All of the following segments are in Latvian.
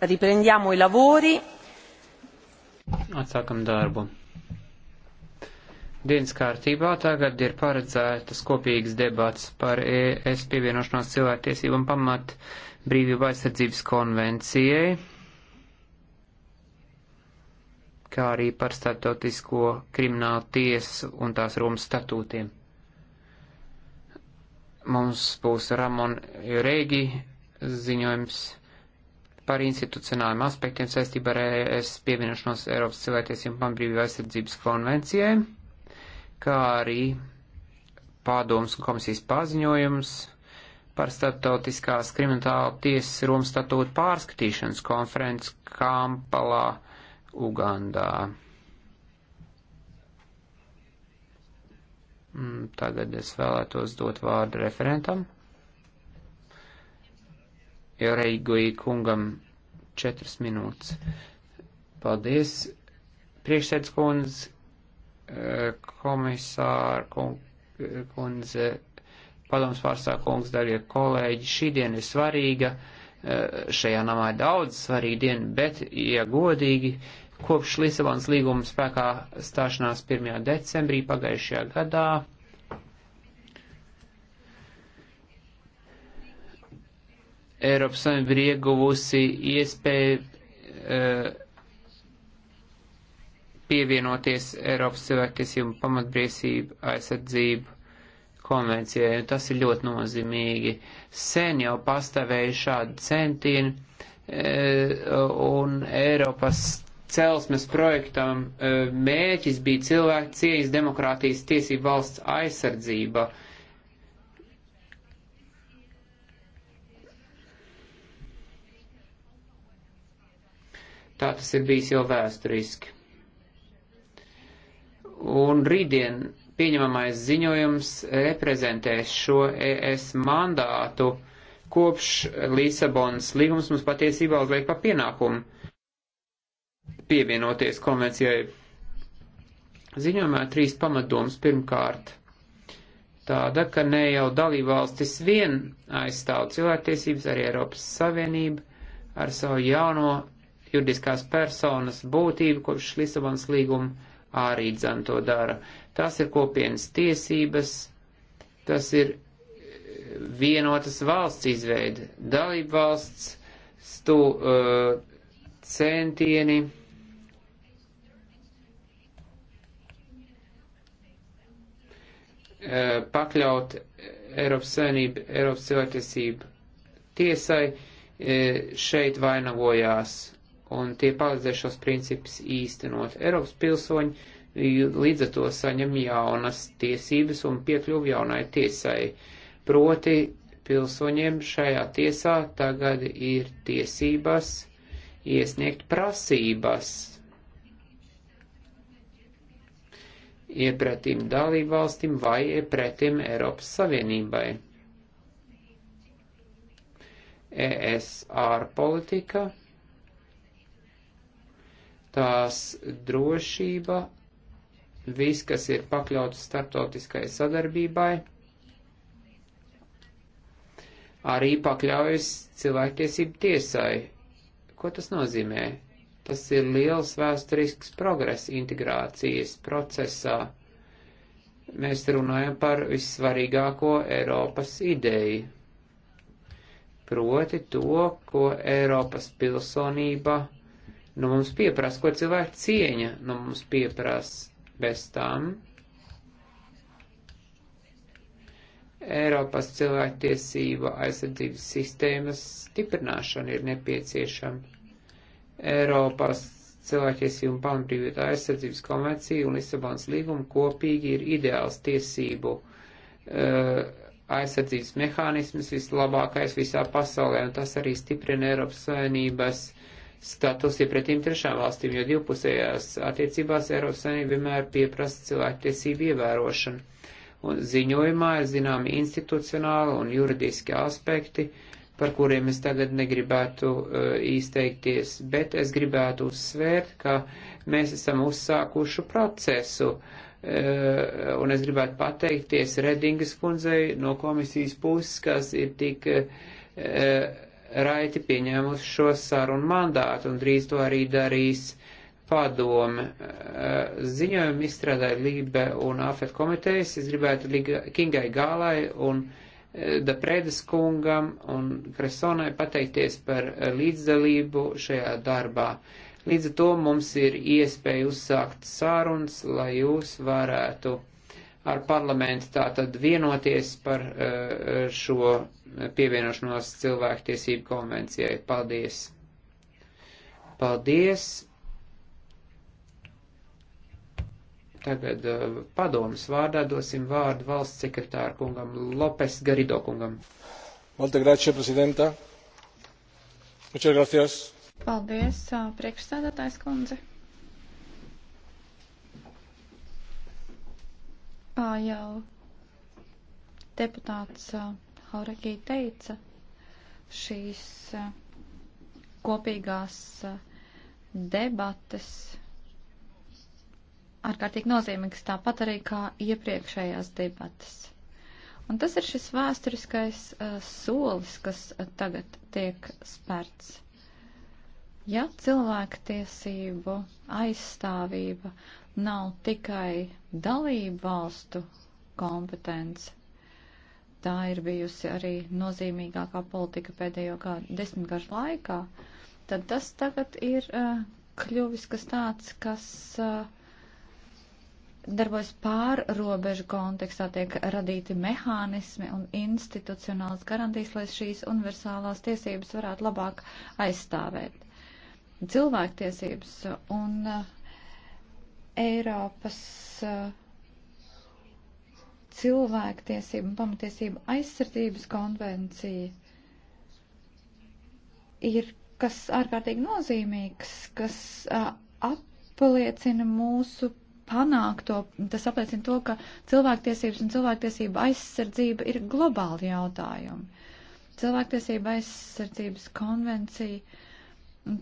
Riprendiamo i lavori. Atsākam darbu. Dienas kārtībā tagad ir paredzētas kopīgas debats par ES pievienošanos cilvēktiesību un pamat brīvību aizsardzības konvencijai, kā arī par starptautisko kriminālu tiesu un tās Romas statūtiem mums būs Ramon Jurēgi ziņojums par institucionāliem aspektiem saistībā ar ES pievienošanos Eiropas cilvēktiesību pamatbrīvību aizsardzības konvencijai, kā arī pārdomas un komisijas paziņojums par starptautiskās krimināla tiesas Romas statūtu pārskatīšanas konferences Kampalā, Ugandā. Mm, tagad es vēlētos dot vārdu referentam. Reiguī kungam četras minūtes. Paldies, priekšsēdz kundze, eh, komisāra eh, kundze, eh, padoms pārstāv kungs, darbie kolēģi. Šī diena ir svarīga, šajā namā ir daudz svarīga diena, bet, ja godīgi, kopš Lisabonas līguma spēkā stāšanās 1. decembrī pagājušajā gadā, Eiropas Savienība ir ieguvusi iespēju uh, pievienoties Eiropas cilvēktiesību pamatbriesību aizsardzību konvencijai, un tas ir ļoti nozīmīgi. Sen jau pastāvēja šādi centieni, eh, un Eiropas celsmes projektam eh, mērķis bija cilvēku cieņas, demokrātijas, tiesību valsts aizsardzība. Uh, Tā tas ir bijis jau vēsturiski. Un rītdien pieņemamais ziņojums reprezentēs šo ES mandātu kopš Lisabonas līgums mums patiesībā uzliek pa pienākumu pievienoties konvencijai. Ziņojumā trīs pamatdomas pirmkārt tāda, ka ne jau dalībvalstis vien aizstāv cilvēktiesības, arī Eiropas Savienība ar savu jauno juridiskās personas būtību kopš Lisabonas līguma arī dzan to dara. Tas ir kopienas tiesības, tas ir eh, vienotas valsts izveida, dalība valsts stu, uh, centieni. Uh, pakļaut Eiropas Savienību, Eiropas cilvēktiesību tiesai, uh, šeit vainagojās un tie palīdzēs šos principus īstenot. Eiropas pilsoņi līdz ar to saņem jaunas tiesības un piekļuvu jaunai tiesai. Proti pilsoņiem šajā tiesā tagad ir tiesības iesniegt prasības iepratīm dalībvalstim vai iepratīm Eiropas Savienībai. ES ārpolitika tās drošība, viss, kas ir pakļauts starptautiskai sadarbībai, arī pakļaujas cilvēktiesību tiesai. Ko tas nozīmē? Tas ir liels vēsturisks progress integrācijas procesā. Mēs runājam par vissvarīgāko Eiropas ideju, proti to, ko Eiropas pilsonība no nu, mums pieprasa, ko cilvēku cieņa no nu, mums pieprasa bez tām. Eiropas cilvēktiesība aizsardzības sistēmas stiprināšana ir nepieciešama. Eiropas cilvēktiesību un pamatbrīvību aizsardzības konvencija un Lisabonas līguma kopīgi ir ideāls tiesību uh, aizsardzības mehānisms vislabākais visā pasaulē, un tas arī stiprina Eiropas Savienības uh, status iepretīm trešām valstīm, jo divpusējās attiecībās Eiropas Savienība vienmēr pieprasa cilvēktiesību ievērošanu. Un ziņojumā ir zināmi institucionāli un juridiski aspekti, par kuriem es tagad negribētu uh, izteikties, bet es gribētu uzsvērt, ka mēs esam uzsākuši procesu. Uh, un es gribētu pateikties Redingas kundzei no komisijas puses, kas ir tik uh, raiti pieņēmusi šo sarunu mandātu, un drīz to arī darīs padome. Eh, Ziņojumu izstrādāja Lībe un Afet komitejas. Es gribētu Liga, Kingai Gālai un eh, Daprēdas kungam un Kresonai pateikties par eh, līdzdalību šajā darbā. Līdz ar to mums ir iespēja uzsākt sārunas, lai jūs varētu ar parlamentu, tātad vienoties par eh, šo pievienošanos cilvēktiesību konvencijai. Paldies! Paldies! Tagad eh, padomas vārdā dosim vārdu valsts sekretāru kungam Lopes Garido kungam. Malte Grāčie, prezidenta. Muchas gracias. Paldies, eh, priekšstādātājs kundze. jau deputāts Haurekī teica, šīs kopīgās debates ārkārtīgi nozīmīgas, tāpat arī kā iepriekšējās debates. Un tas ir šis vēsturiskais solis, kas tagad tiek spērts. Ja cilvēktiesību aizstāvība nav tikai dalību valstu kompetence. Tā ir bijusi arī nozīmīgākā politika pēdējo kādu desmitgažu laikā. Tad tas tagad ir uh, kļuvis kas tāds, kas uh, darbojas pārrobežu kontekstā, tiek radīti mehānismi un institucionāls garantijas, lai šīs universālās tiesības varētu labāk aizstāvēt. Cilvēktiesības un uh, Eiropas eh, cilvēktiesību un pamatiesību aizsardzības konvencija ir kas ārkārtīgi nozīmīgs, kas uh, apliecina mūsu panākto, tas apliecina to, ka cilvēktiesības un cilvēktiesība aizsardzība ir globāli jautājumi. Cilvēktiesība aizsardzības konvencija,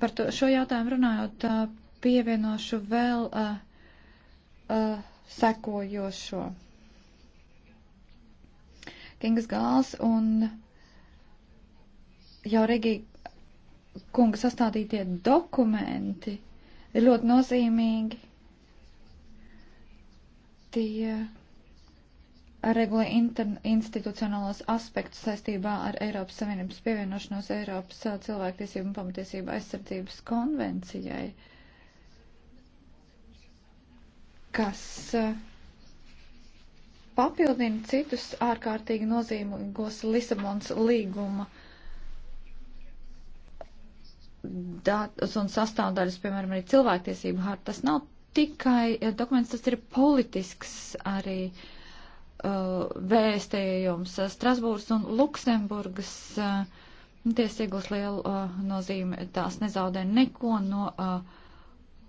par to, šo jautājumu runājot, eh, pievienošu vēl uh, uh, sekojošo. Kingas Gāls un jau Regī kunga sastādītie dokumenti ir ļoti nozīmīgi. Tie regulē institucionālos aspektus saistībā ar Eiropas Savienības pievienošanos Eiropas uh, cilvēktiesību un pamatiesību aizsardzības konvencijai. Uh, kas eh, papildina citus ārkārtīgi nozīmīgos Lisabons līguma datus un sastāvdaļas, piemēram, arī cilvēktiesību harta. Tas nav tikai eh, dokuments, tas ir politisks arī uh, vēstējums. Strasbūrs un Luksemburgas uh, tiesīgos lielu uh, nozīmi tās nezaudē neko no. Uh,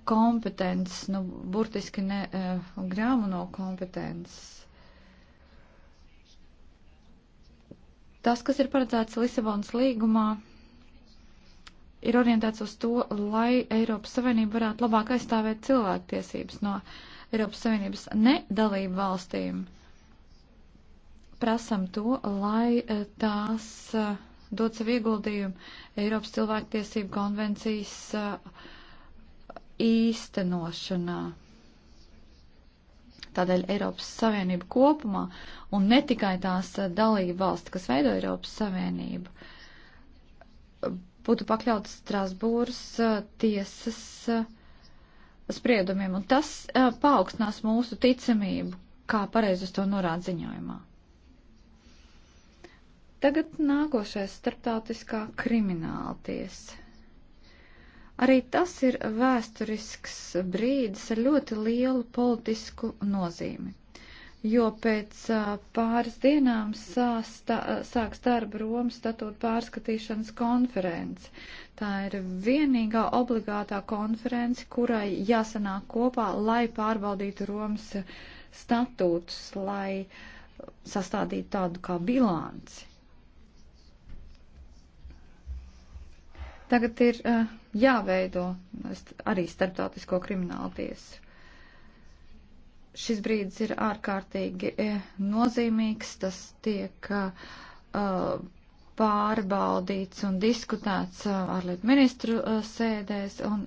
kompetences, nu, burtiski ne uh, eh, grāmano kompetences. Tas, kas ir paredzēts Lisabonas līgumā, ir orientēts uz to, lai Eiropas Savienība varētu labāk aizstāvēt cilvēktiesības no Eiropas Savienības nedalību valstīm. Prasam to, lai eh, tās eh, dod savu ieguldījumu Eiropas cilvēktiesību konvencijas īstenošanā. Tādēļ Eiropas Savienība kopumā un ne tikai tās dalība valsts, kas veido Eiropas Savienību, būtu pakļautas Strasbūras tiesas spriedumiem. Un tas paaugstinās mūsu ticamību, kā pareizi uz to norāda ziņojumā. Tagad nākošais starptautiskā krimināla tiesa. Arī tas ir vēsturisks brīdis ar ļoti lielu politisku nozīmi, jo pēc pāris dienām sāsta, sāks darba Romas statūta pārskatīšanas konference. Tā ir vienīgā obligātā konference, kurai jāsanāk kopā, lai pārbaudītu Romas statūtus, lai sastādītu tādu kā bilanci. Tagad ir uh, jāveido arī starptautisko kriminālu tiesu. Šis brīdis ir ārkārtīgi e, nozīmīgs, tas tiek uh, pārbaudīts un diskutēts ārlietu ministru uh, sēdēs, un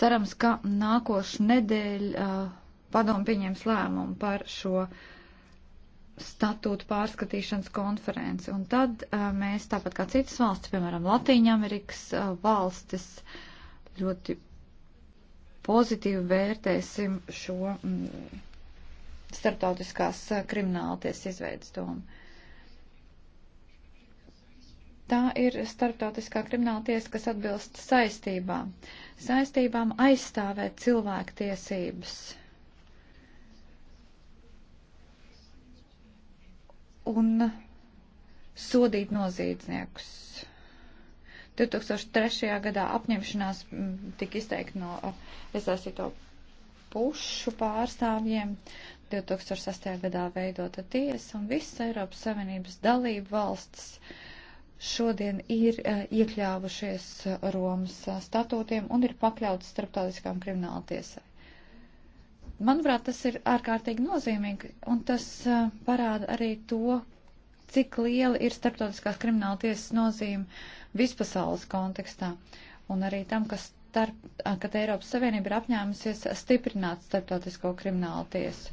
cerams, ka nākošu nedēļu uh, padomu pieņems lēmumu par šo uh, statūtu pārskatīšanas konferenci. Un tad uh, mēs, tāpat kā citas valsts, piemēram, Latīņamerikas uh, valstis, ļoti pozitīvi vērtēsim šo mm, starptautiskās uh, kriminālties izveidas domu. Tā ir starptautiskā krimināla tiesa, kas atbilst saistībām. Saistībām aizstāvēt cilvēku tiesības un sodīt noziedzniekus. 2003. gadā apņemšanās mm, tika izteikta no eh, iesaistīto pušu pārstāvjiem, 2008. gadā veidota tiesa un visas Eiropas Savienības dalību valsts šodien ir eh, iekļāvušies eh, Romas statūtiem un ir pakļautas starptautiskām krimināla tiesai. Manuprāt, tas ir ārkārtīgi nozīmīgi, un tas uh, parāda arī to, cik liela ir starptautiskās krimināla tiesas nozīme vispasaules kontekstā, un arī tam, ka, starp, ka Eiropas Savienība ir apņēmusies stiprināt starptautisko kriminālu tiesu.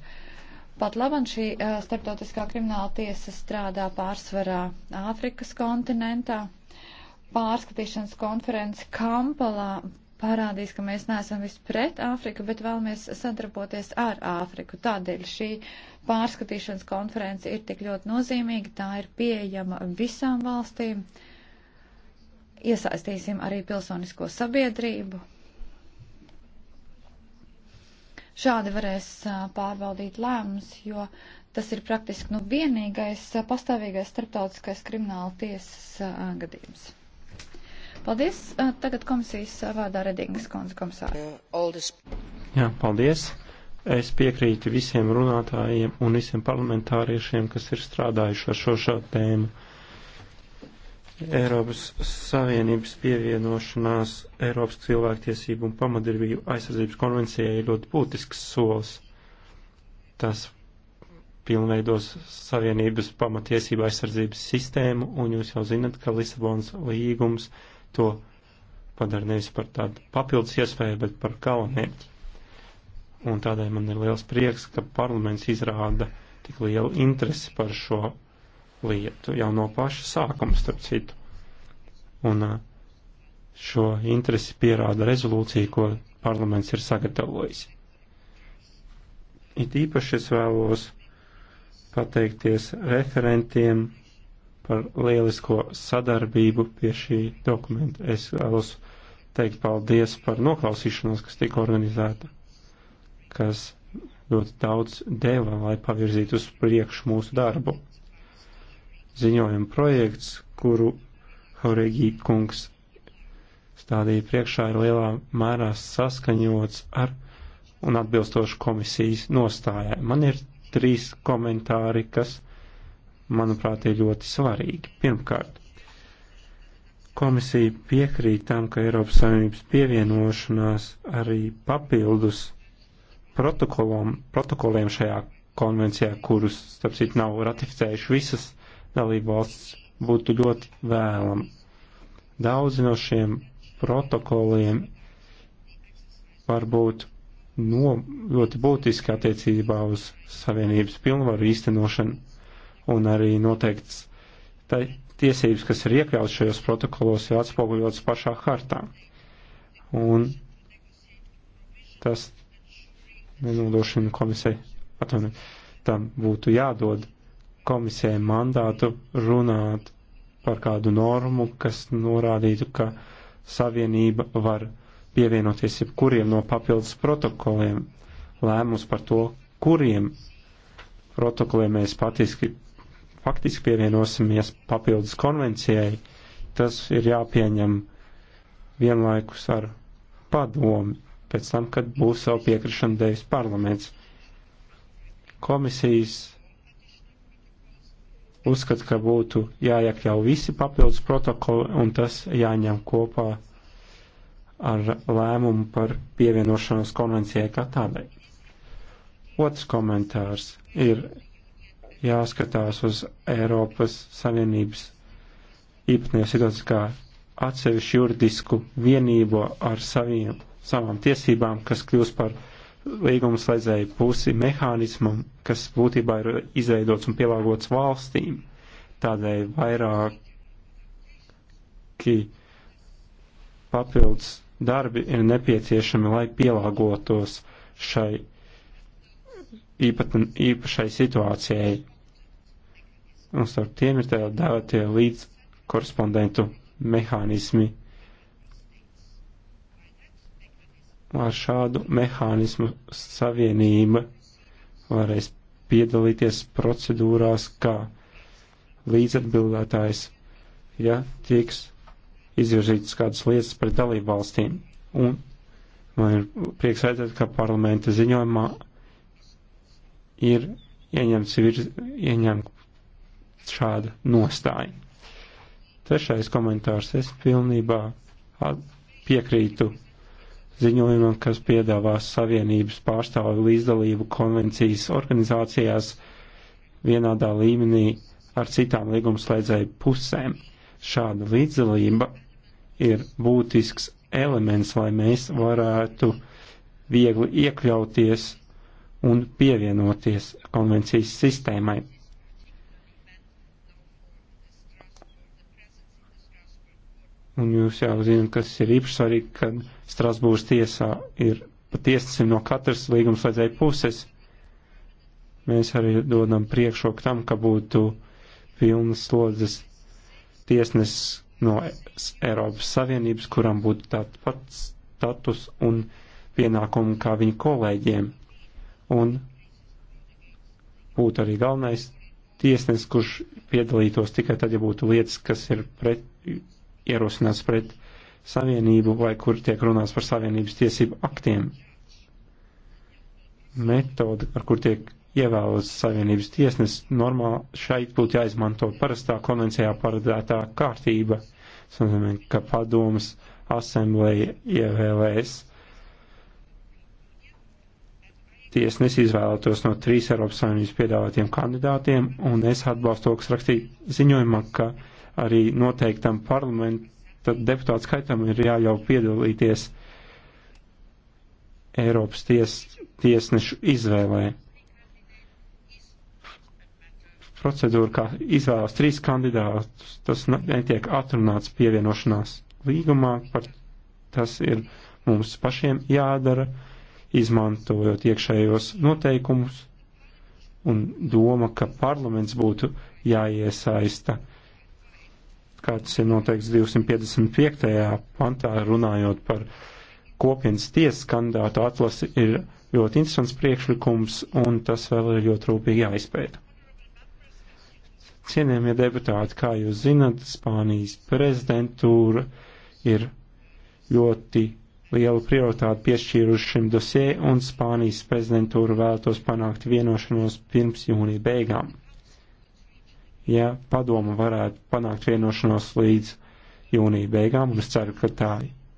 Pat labam šī uh, starptautiskā krimināla tiesa strādā pārsvarā Āfrikas kontinentā. Pārskatīšanas konference Kampalā parādīs, ka mēs neesam visi pret Āfriku, bet vēlamies sadarboties ar Āfriku. Tādēļ šī pārskatīšanas konference ir tik ļoti nozīmīga, tā ir pieejama visām valstīm. Iesaistīsim arī pilsonisko sabiedrību. Šādi varēs pārvaldīt lēmumus, jo tas ir praktiski nu vienīgais pastāvīgais starptautiskais krimināla tiesas gadījums. Paldies. Tagad komisijas vārdā Redingas kundze komisāra. Jā, paldies. Es piekrītu visiem runātājiem un visiem parlamentāriešiem, kas ir strādājuši ar šo šo tēmu. Eiropas Savienības pievienošanās Eiropas cilvēktiesību un pamatdarbību aizsardzības konvencijai ir ļoti būtisks solis. Tas pilnveidos Savienības pamatiesību aizsardzības sistēmu, un jūs jau zinat, ka Lisabonas līgums uh, to padara nevis par tādu papildus iespēju, bet par kalamērķi. Un tādēļ man ir liels prieks, ka parlaments izrāda tik lielu interesi par šo lietu jau no paša sākuma, starp citu. Un šo interesi pierāda rezolūcija, ko parlaments ir sagatavojis. It īpaši es vēlos pateikties referentiem par lielisko sadarbību pie šī dokumenta. Es vēlos teikt paldies par noklausīšanos, kas tika organizēta, kas ļoti daudz deva, lai pavirzītu uz priekšu mūsu darbu. Ziņojuma projekts, kuru Haurēgī kungs stādīja priekšā, ir lielā mērā saskaņots ar un atbilstoši komisijas nostājai. Man ir trīs komentāri, kas manuprāt, ir ļoti svarīgi. Pirmkārt, komisija piekrīt tam, ka Eiropas Savienības pievienošanās arī papildus protokoliem šajā konvencijā, kurus, starp citu, nav ratificējuši visas dalību valsts, būtu ļoti vēlam. Daudzi no šiem protokoliem var būt no, ļoti būtiski attiecībā uz Savienības pilnvaru īstenošanu un arī noteikts tiesības, kas ir iekļauts šajos protokolos, ir atspoguļotas pašā hartā. Un tas nenodrošina komisiju, atvainojiet, tam būtu jādod komisijai mandātu runāt par kādu normu, kas norādītu, ka savienība var pievienoties jebkuriem no papildus protokoliem, lēmums par to, kuriem protokoliem mēs patiski faktiski pievienosimies papildus konvencijai, tas ir jāpieņem vienlaikus ar padomi, pēc tam, kad būs savu piekrišanu devis parlaments. Komisijas uzskata, ka būtu jāiekļau visi papildus protokoli un tas jāņem kopā ar lēmumu par pievienošanos konvencijai kā tādai. Otrs komentārs ir jāskatās uz Eiropas Savienības īpatnējā situācijas kā atsevišķu juridisku vienību ar saviem, savām tiesībām, kas kļūst par līgumu slēdzēju pusi mehānismam, kas būtībā ir izveidots un pielāgots valstīm. Tādēļ vairāki papildus darbi ir nepieciešami, lai pielāgotos šai īpatn, īpašai situācijai un starp tiem ir tādā dēvētie līdz korespondentu mehānismi. Ar šādu mehānismu savienība varēs piedalīties procedūrās kā līdzatbildētājs, ja tieks izvirzītas kādas lietas pret dalību valstīm. Un man ir prieks redzēt, ka parlamenta ziņojumā ir ieņemts, virz, ieņemt šādu nostāju. Trešais komentārs. Es pilnībā piekrītu ziņojumam, kas piedāvās Savienības pārstāvu līdzdalību konvencijas organizācijās vienādā līmenī ar citām līgumslēdzēju pusēm. Šāda līdzdalība ir būtisks elements, lai mēs varētu viegli iekļauties un pievienoties konvencijas sistēmai. Un jūs jau zinat, kas ir īpaši svarīgi, kad Strasbūras tiesā ir patiesnesim no katras līgums vajadzēja puses. Mēs arī dodam priekšroku tam, ka būtu pilnas slodzes tiesnes no Eiropas Savienības, kuram būtu tāds pats status un pienākumi kā viņa kolēģiem. Un būtu arī galvenais tiesnes, kurš piedalītos tikai tad, ja būtu lietas, kas ir pret, ierosināts pret savienību vai kur tiek runāts par savienības tiesību aktiem. Metode, ar kur tiek ievēlas savienības tiesnes, normāli šeit būtu jāizmanto parastā konvencijā paredzētā kārtība. Tas nozīmē, ka padomas asemblēja ievēlēs tiesnes izvēlētos no trīs Eiropas Savienības piedāvātiem kandidātiem, un es atbalstu to, kas rakstīja ziņojumā, ka arī noteiktam parlamenta deputātu skaitam ir jāļauj piedalīties Eiropas ties, tiesnešu izvēlē. Procedūra, kā izvēlās trīs kandidātus, tas netiek atrunāts pievienošanās līgumā, par tas ir mums pašiem jādara, izmantojot iekšējos noteikumus, un doma, ka parlaments būtu jāiesaista kāds ir noteikts 255. pantā, runājot par kopienas tiesas kandidātu atlasi, ir ļoti interesants priekšlikums, un tas vēl ir ļoti rūpīgi jāizpēta. Cienējamie deputāti, kā jūs zinat, Spānijas prezidentūra ir ļoti lielu prioritāti piešķīruši šim dosē, un Spānijas prezidentūra vēlētos panākt vienošanos pirms jūnija beigām ja padoma varētu panākt vienošanos līdz jūnija beigām, un es ceru, ka tā,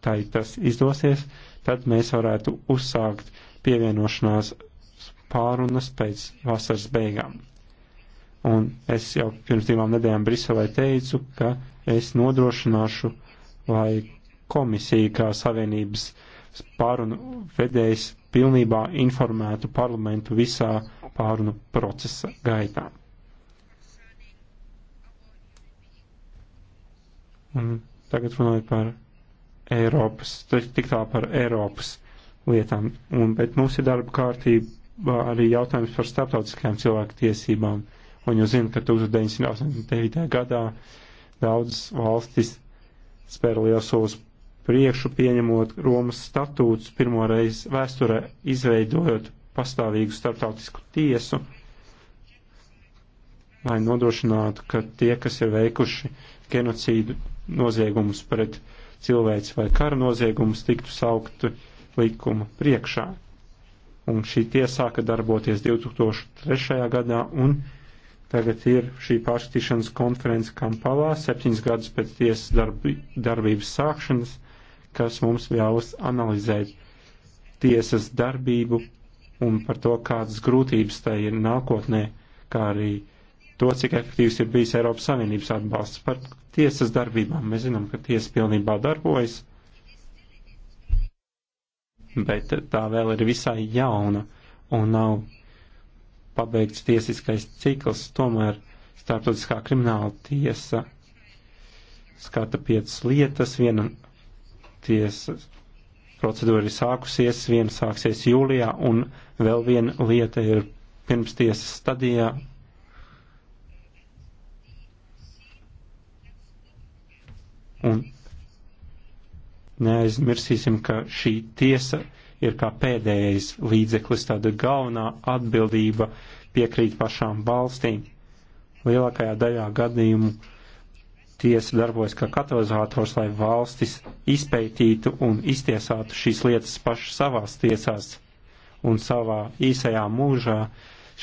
tā tas izdosies, tad mēs varētu uzsākt pievienošanās pārunas pēc vasaras beigām. Un es jau pirms divām nedēļām Briselē teicu, ka es nodrošināšu, lai komisija kā savienības pārunu vedējs pilnībā informētu parlamentu visā pārunu procesa gaitā. Un tagad runāju par Eiropas, tik tā par Eiropas lietām. Un, bet mums ir darba kārtība arī jautājums par starptautiskajām cilvēku tiesībām. Un jūs zinat, ka 1989. gadā daudz valstis spēra liels solis priekšu, pieņemot Romas statūtus pirmoreiz vēsturē, izveidojot pastāvīgu starptautisku tiesu, lai nodrošinātu, ka tie, kas ir veikuši genocīdu, noziegumus pret cilvēci vai kara noziegumus tiktu saukti likuma priekšā. Un šī tiesā sāka darboties 2003. gadā, un tagad ir šī pārskatīšanas konference Kampalā, septiņas gadus pēc tiesas darbi, darbības sākšanas, kas mums ļaus analizēt tiesas darbību un par to, kādas grūtības tai ir nākotnē, kā arī to, cik efektīvs ir bijis Eiropas Savienības atbalsts par tiesas darbībām. Mēs zinām, ka tiesa pilnībā darbojas, bet tā vēl ir visai jauna un nav pabeigts tiesiskais cikls. Tomēr Startautiskā krimināla tiesa skata piecas lietas, viena tiesa procedūra ir sākusies, viena sāksies jūlijā, un vēl viena lieta ir pirmstiesas stadijā, Un neaizmirsīsim, ka šī tiesa ir kā pēdējais līdzeklis, tāda galvenā atbildība piekrīt pašām valstīm. Lielākajā daļā gadījumu tiesa darbojas kā katalizators, lai valstis izpētītu un iztiesātu šīs lietas pašas savās tiesās. Un savā īsajā mūžā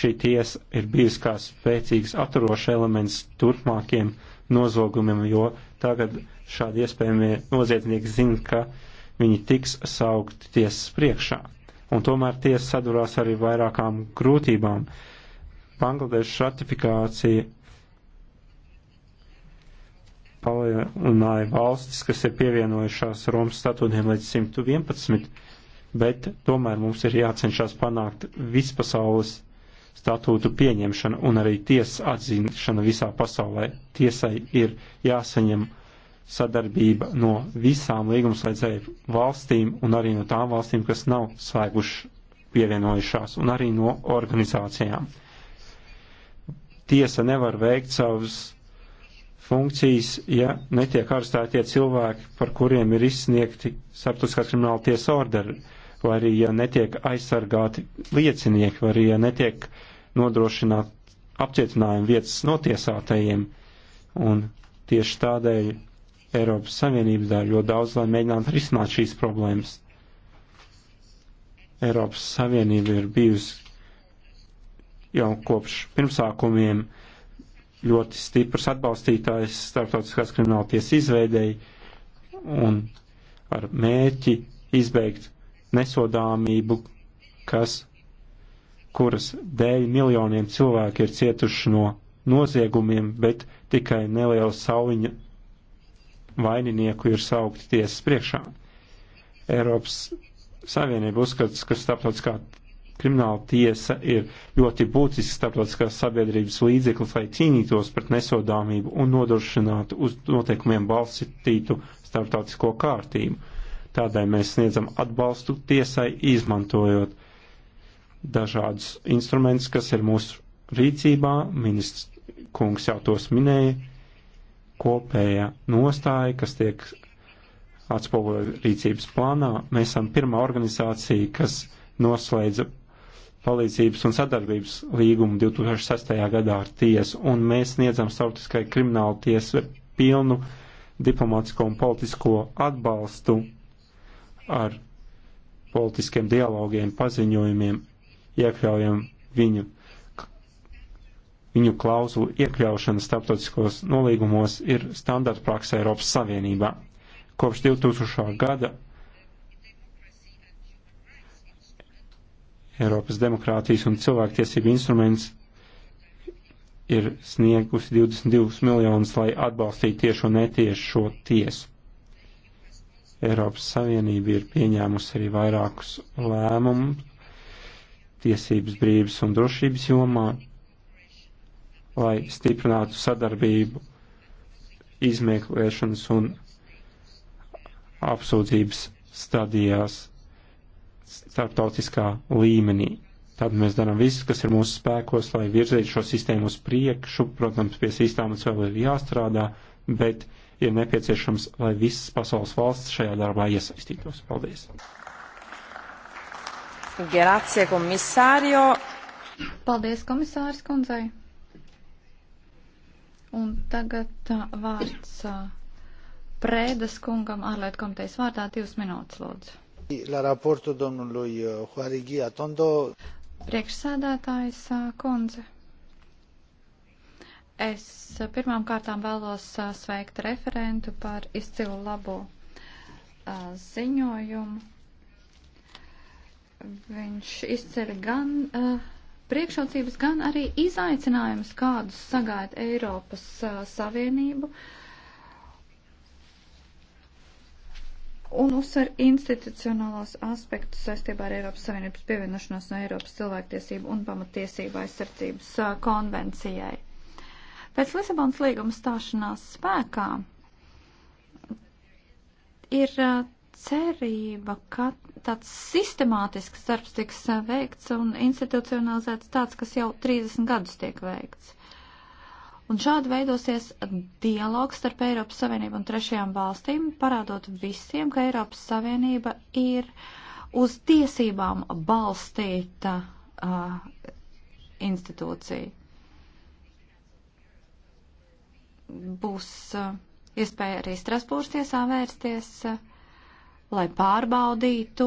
šī tiesa ir bijusi kā spēcīgs aturošs elements turpmākiem nozogumiem, jo tagad šādi iespējamie noziedznieki zina, ka viņi tiks saukti tiesas priekšā. Un tomēr tiesa sadurās arī vairākām grūtībām. Bangladešas ratifikācija palielināja valstis, kas ir pievienojušās Romas statūtiem līdz 111, bet tomēr mums ir jācenšas panākt vispasaules statūtu pieņemšana un arī tiesas atzīšana visā pasaulē. Tiesai ir jāsaņem sadarbība no visām līgumslēdzēju valstīm un arī no tām valstīm, kas nav slēguši pievienojušās un arī no organizācijām. Tiesa nevar veikt savus funkcijas, ja netiek arestēti tie cilvēki, par kuriem ir izsniegti starptautiskās krimināla tiesa orderi, vai arī ja netiek aizsargāti liecinieki, vai arī ja netiek nodrošināt apcietinājuma vietas notiesātajiem. Un tieši tādēļ Eiropas Savienības dara ļoti daudz, lai mēģinātu risināt šīs problēmas. Eiropas Savienība ir bijusi jau kopš pirmsākumiem ļoti stiprs atbalstītājs starptautiskās kriminālties izveidēji un ar mērķi izbeigt nesodāmību, kas, kuras dēļ miljoniem cilvēki ir cietuši no noziegumiem, bet tikai neliela sauliņa vaininieku ir saukti tiesas priekšā. Eiropas Savienība uzskats, ka starptautiskā krimināla tiesa ir ļoti būtisks starptautiskās sabiedrības līdzeklis, lai cīnītos pret nesodāmību un nodrošinātu uz noteikumiem balstītu starptautisko kārtību. Tādēļ mēs sniedzam atbalstu tiesai, izmantojot dažādus instrumentus, kas ir mūsu rīcībā. Ministrs kungs jau tos minēja kopēja nostāja, kas tiek atspoguļot rīcības plānā. Mēs esam pirmā organizācija, kas noslēdza palīdzības un sadarbības līgumu 2006. gadā ar tiesu, un mēs sniedzam starptautiskai kriminālu tiesu pilnu diplomātisko un politisko atbalstu ar politiskiem dialogiem, paziņojumiem, iekļaujam viņu viņu klauzulu iekļaušana starptautiskos nolīgumos ir standarta praksa Eiropas Savienībā. Kopš 2000. gada Eiropas demokrātijas un cilvēktiesību instruments ir sniegusi 22 miljonus, lai atbalstītu tiešo netiešo tiesu. Eiropas Savienība ir pieņēmusi arī vairākus lēmumus tiesības brīvības un drošības jomā, lai stiprinātu sadarbību izmeklēšanas un apsūdzības stadijās starptautiskā līmenī. Tad mēs darām visu, kas ir mūsu spēkos, lai virzītu šo sistēmu uz priekšu. Protams, pie sistēmas vēl ir jāstrādā, bet ir nepieciešams, lai visas pasaules valsts šajā darbā iesaistītos. Paldies! Grazie, komisārio! Paldies, komisārs kundzei! Un tagad uh, vārds uh, Prēdas kungam ārlietu komitejas vārdā divas minūtes lūdzu. La raportu domnului uh, Huarigi Atondo. Priekšsēdētājs kundze. Es pirmām kārtām vēlos sveikt referentu par izcilu labo ziņojumu. Viņš izcer gan uh, priekšrocības, gan arī izaicinājumus, kādus sagaida Eiropas uh, Savienību. Un uzsver institucionālos aspektus saistībā ar Eiropas Savienības pievienošanos no Eiropas cilvēktiesību un pamatiesību aizsardzības uh, konvencijai. Pēc Lisabonas līguma stāšanās spēkā ir uh, cerība, ka tāds sistemātisks darbs tiks eh, veikts un institucionalizēts tāds, kas jau 30 gadus tiek veikts. Un šādi veidosies dialogs starp Eiropas Savienību un trešajām valstīm, parādot visiem, ka Eiropas Savienība ir uz tiesībām balstīta uh, institūcija. Būs uh, iespēja arī Strasbūras tiesā vērsties. Uh, lai pārbaudītu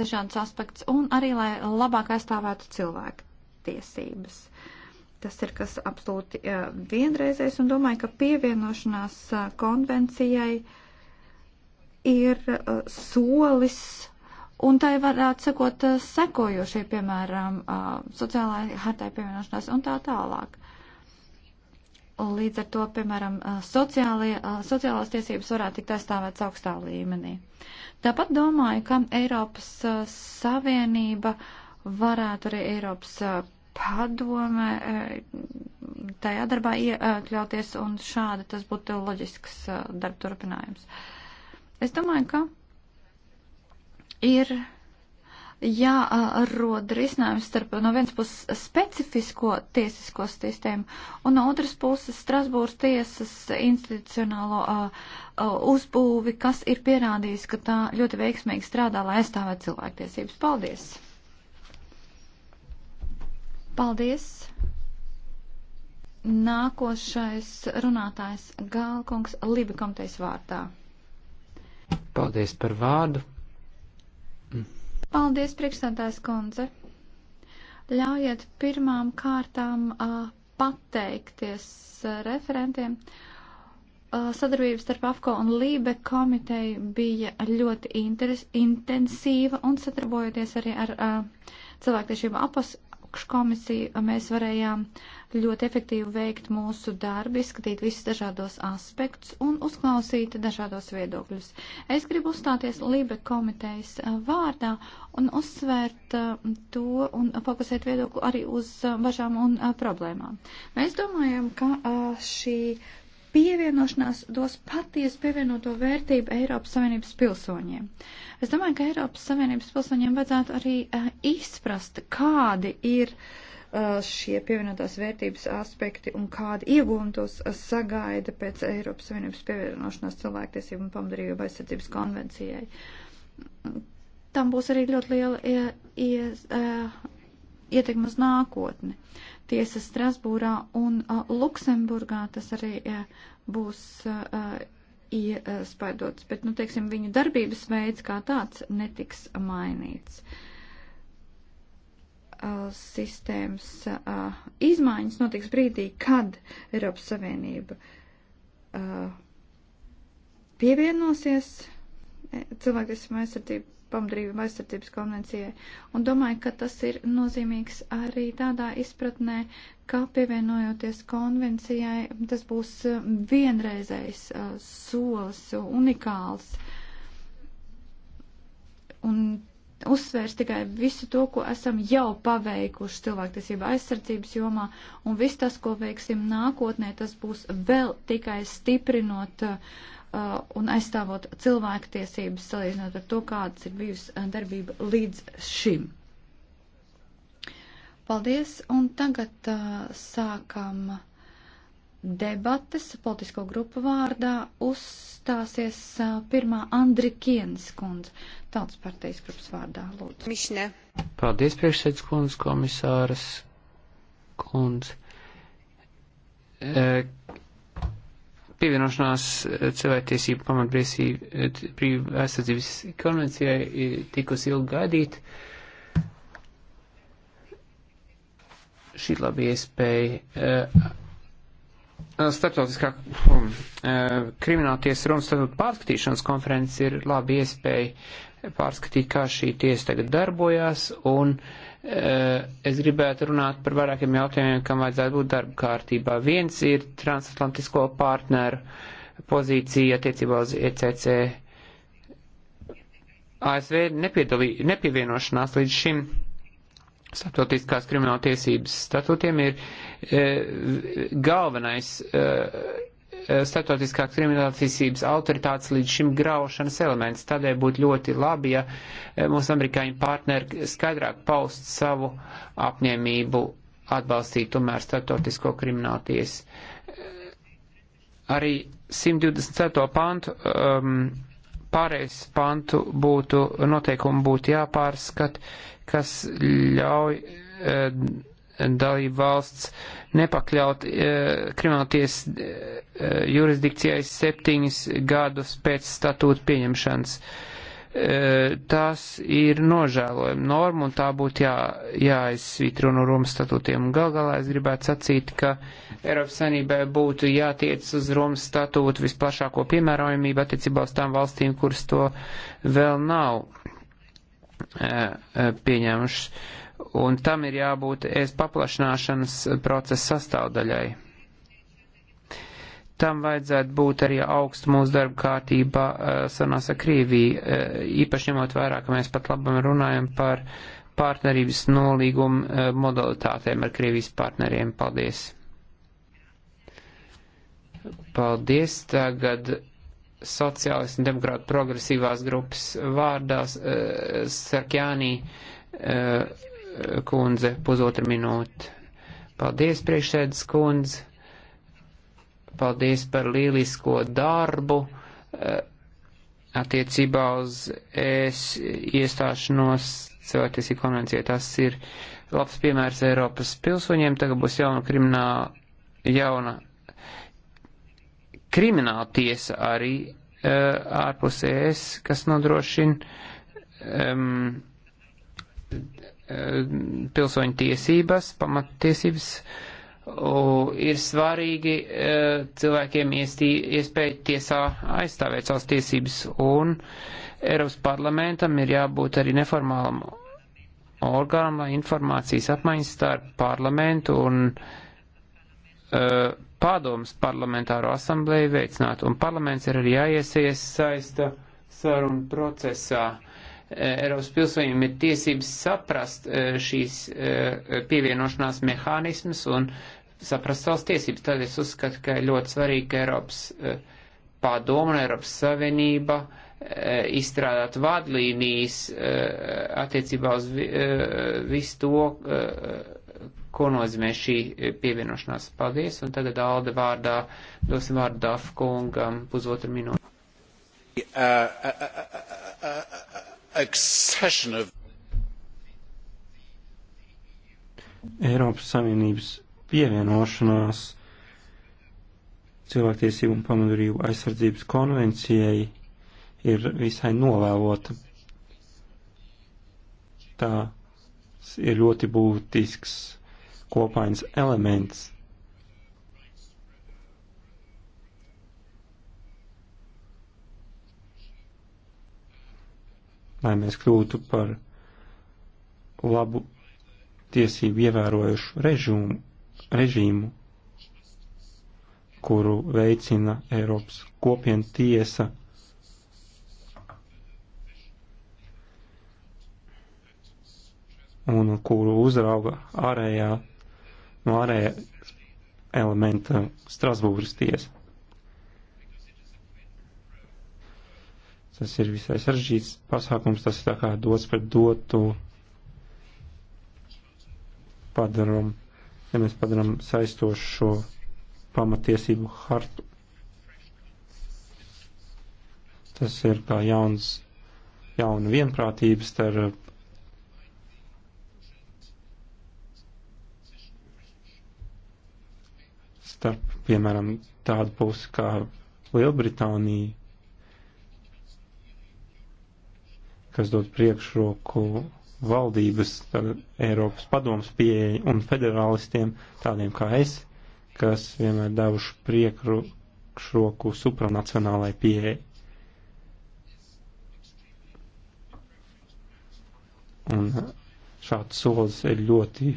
dažādas aspekts un arī, lai labāk aizstāvētu cilvēku tiesības. Tas ir kas absolūti uh, vienreizējs un domāju, ka pievienošanās uh, konvencijai ir uh, solis Un tai varētu sekot sekojošie, piemēram, sociālai hartai pievienošanās un tā tālāk. Līdz ar to, piemēram, sociālie, sociālās tiesības varētu tikt aizstāvētas augstā līmenī. Tāpat domāju, ka Eiropas Savienība varētu arī Eiropas padome tajā darbā iekļauties, un šādi tas būtu loģisks darba turpinājums. Es domāju, ka ir jāatrod risinājums starp no vienas puses specifisko tiesisko sistēmu un no otras puses Strasbūras tiesas institucionālo uh, uh, uzbūvi, kas ir pierādījis, ka tā ļoti veiksmīgi strādā, lai aizstāvētu cilvēktiesības. Paldies! Paldies! Nākošais runātājs Gālkungs Libi komitejas vārdā. Paldies par vārdu. Paldies, priekšstādājs kundze. Ļaujiet pirmām kārtām uh, pateikties uh, referentiem. Uh, sadarbības starp AFCO un LIBE komiteju bija ļoti interes, intensīva un sadarbojoties arī ar uh, cilvēktiešību apas apakškomisiju mēs varējām ļoti efektīvi veikt mūsu darbu, izskatīt visus dažādos aspektus un uzklausīt dažādos viedokļus. Es gribu uzstāties Lībe komitejas eh, vārdā un uzsvērt eh, to un fokusēt viedokli arī uz eh, bažām un problēmām. Mēs domājam, ka šī pievienošanās dos patiesu pievienoto vērtību Eiropas Savienības pilsoņiem. Es domāju, ka Eiropas Savienības pilsoņiem vajadzētu arī uh, izprast, kādi ir uh, šie pievienotās vērtības aspekti un kādi iegūmi tos eh, sagaida pēc Eiropas Savienības pievienošanās cilvēktiesību un pamatarību aizsardzības konvencijai. Tam būs arī ļoti liela ie, ie, uh, ietekme uz nākotni tiesas Strasbūrā un uh, Luksemburgā. Tas arī uh, būs uh, iespaidots, bet, nu, teiksim, viņu darbības veids kā tāds netiks mainīts. Uh, sistēmas uh, izmaiņas notiks brīdī, kad Eiropas Savienība uh, pievienosies e, cilvēktiesību aizsardzību pamdrību aizsardzības konvencijai. Un domāju, ka tas ir nozīmīgs arī tādā izpratnē, ka pievienojoties konvencijai, tas būs um, vienreizējs uh, solis, unikāls. Un uzsvērs tikai visu to, ko esam jau paveikuši cilvēktiesība aizsardzības jomā, un viss tas, ko veiksim nākotnē, tas būs vēl tikai stiprinot uh, Uh, un aizstāvot cilvēku tiesības, salīdzinot ar to, kādas ir bijusi uh, darbība līdz šim. Paldies, un tagad uh, sākam debates politisko grupu vārdā. Uzstāsies uh, pirmā Andri Kienas kundze, tautas partijas grupas vārdā, lūdzu. Mišne. Paldies, priekšsēdz kundze, komisāras kundze. E, pievienošanās eh, cilvēktiesību pamatbrīvību eh, aizsardzības konvencijai eh, tikus ilgi gaidīt. Šī laba iespēja. Startautiskā um, krimināla tiesa Romas statūta pārskatīšanas konferences ir laba iespēja pārskatīt, kā šī tiesa tagad darbojās un uh, Eh, es gribētu runāt par vairākiem jautājumiem, kam vajadzētu būt darba kārtībā. Viens ir transatlantisko partneru pozīcija attiecībā uz ECC. ASV nepievienošanās līdz šim starptautiskās krimināla tiesības statūtiem ir e, galvenais e, Eh, starptautiskā krimināltiesības autoritātes līdz šim graušanas elements. Tādēļ būtu ļoti labi, ja eh, mūsu amerikāņu partneri skaidrāk paust savu apņēmību atbalstīt tomēr starptautisko krimināltiesu. Eh, arī 124. pantu, um, pārējais pantu būtu, noteikumi būtu jāpārskat, kas ļauj. Uh, dalību valsts nepakļaut e, eh, kriminālties e, eh, jurisdikcijai septiņus gadus pēc statūta pieņemšanas. E, tas ir nožēlojama norma un tā būtu jā, jāizsvitro no Romas statūtiem. Gal galā es gribētu sacīt, ka Eiropas Sanībai būtu jātiec uz Romas statūtu visplašāko piemērojumību attiecībā uz tām valstīm, kuras to vēl nav pieņēmušas un tam ir jābūt es paplašināšanas procesa sastāvdaļai. Tam vajadzētu būt arī augstu mūsu darba kārtībā eh, sanās ar Krieviju, eh, īpaši ņemot vērā, ka mēs pat labam runājam par partnerības nolīgumu eh, modalitātēm ar Krievijas partneriem. Paldies! Paldies! Tagad sociālistu un demokrātu progresīvās grupas vārdās Sarkjānī. Uh, kundze, pusotra minūte. Paldies, priekšsēdas kundze. Paldies par lielisko darbu eh, attiecībā uz es iestāšanos cilvēktiesību konvencijā. Tas ir labs piemērs Eiropas pilsoņiem. Tagad būs jauna krimināla, jauna krimināla tiesa arī uh, ārpus ES, kas nodrošina um, Eh, pilsoņu tiesības, pamattiesības. Ir svarīgi eh, cilvēkiem iestī, iespēja tiesā aizstāvēt savas tiesības, un Eiropas parlamentam ir jābūt arī neformālam orgānam, lai informācijas apmaiņas starp parlamentu un uh, eh, padomus parlamentāro asambleju veicinātu, un parlaments ir arī jāiesaista sarunu procesā Eiropas pilsoņiem ir tiesības saprast e, šīs e, pievienošanās mehānismus un saprast savas tiesības. Tad es uzskatu, ka ir ļoti svarīgi, ka Eiropas e, padoma un Eiropas Savienība izstrādāt vadlīnijas attiecībā uz visu to, ko nozīmē šī pievienošanās. Paldies, un tagad Alde vārdā dosim vārdu Dafkungam pusotru minūti. Uh, uh, uh, uh, uh, uh accession of Eiropas Savienības pievienošanās cilvēktiesību un pamatbrīvu aizsardzības konvencijai ir visai novēlota. Tā ir ļoti būtisks kopains elements lai mēs kļūtu par labu tiesību ievērojušu režīmu, režīmu kuru veicina Eiropas kopiena tiesa. un kuru uzrauga ārējā, no ārējā elementa Strasbūras tiesa. Tas ir visai sarežģīts pasākums, tas ir tā kā dots pret dotu padaram, ja mēs padaram saistošo pamatiesību hartu. Tas ir kā jauns, jauna vienprātības starp starp, piemēram, tādu pusi kā Lielbritānija kas dod priekšroku valdības, Eiropas padomas pieeja un federālistiem, tādiem kā es, kas vienmēr devuši priekšroku supranacionālai pieeja. Un šāds solis ir ļoti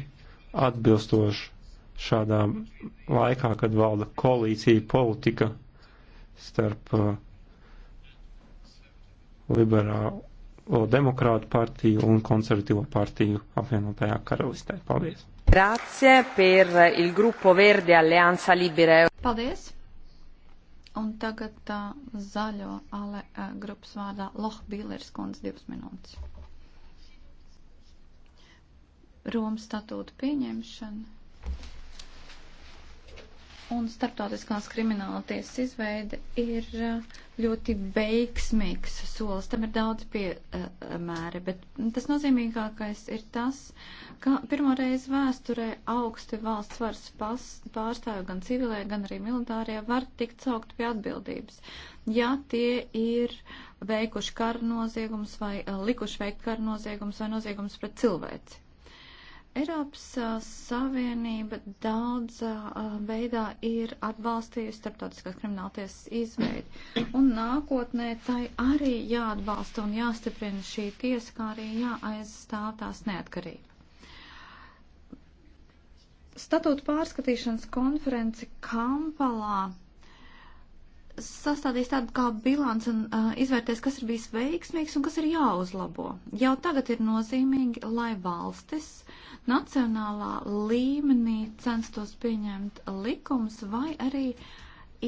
atbilstošs šādā laikā, kad valda koalīcija politika starp uh, liberālu demokrātu partiju un konservatīvo partiju apvienotajā karalistē. Paldies! Grazie per il gruppo Verde Alleanza Libera. Paldies! Un tagad uh, zaļo ale, uh, grupas vārdā Lohbīlers kundze divas minūtes. Romas statūta pieņemšana un starptautiskās krimināla tiesas izveide ir uh, ļoti veiksmīgs solis. Tam ir daudz piemēri, bet tas nozīmīgākais ir tas, ka pirmoreiz vēsturē augsti valsts varas pārstāvju gan civilē, gan arī militārie var tikt saukt pie atbildības. Ja tie ir veikuši karu noziegums vai likuši veikt karu noziegums vai noziegums pret cilvēci. Eiropas Savienība daudz veidā ir atbalstījusi starptautiskās krimināltiesas izveidi, un nākotnē tai arī jāatbalsta un jāstiprina šī tiesa, kā arī jāaizstāv tās neatkarība. Statūtu pārskatīšanas konference Kampalā sastādīs tādu kā bilanci un uh, izvērtēs, kas ir bijis veiksmīgs un kas ir jāuzlabo. Jau tagad ir nozīmīgi, lai valstis nacionālā līmenī censtos pieņemt likums vai arī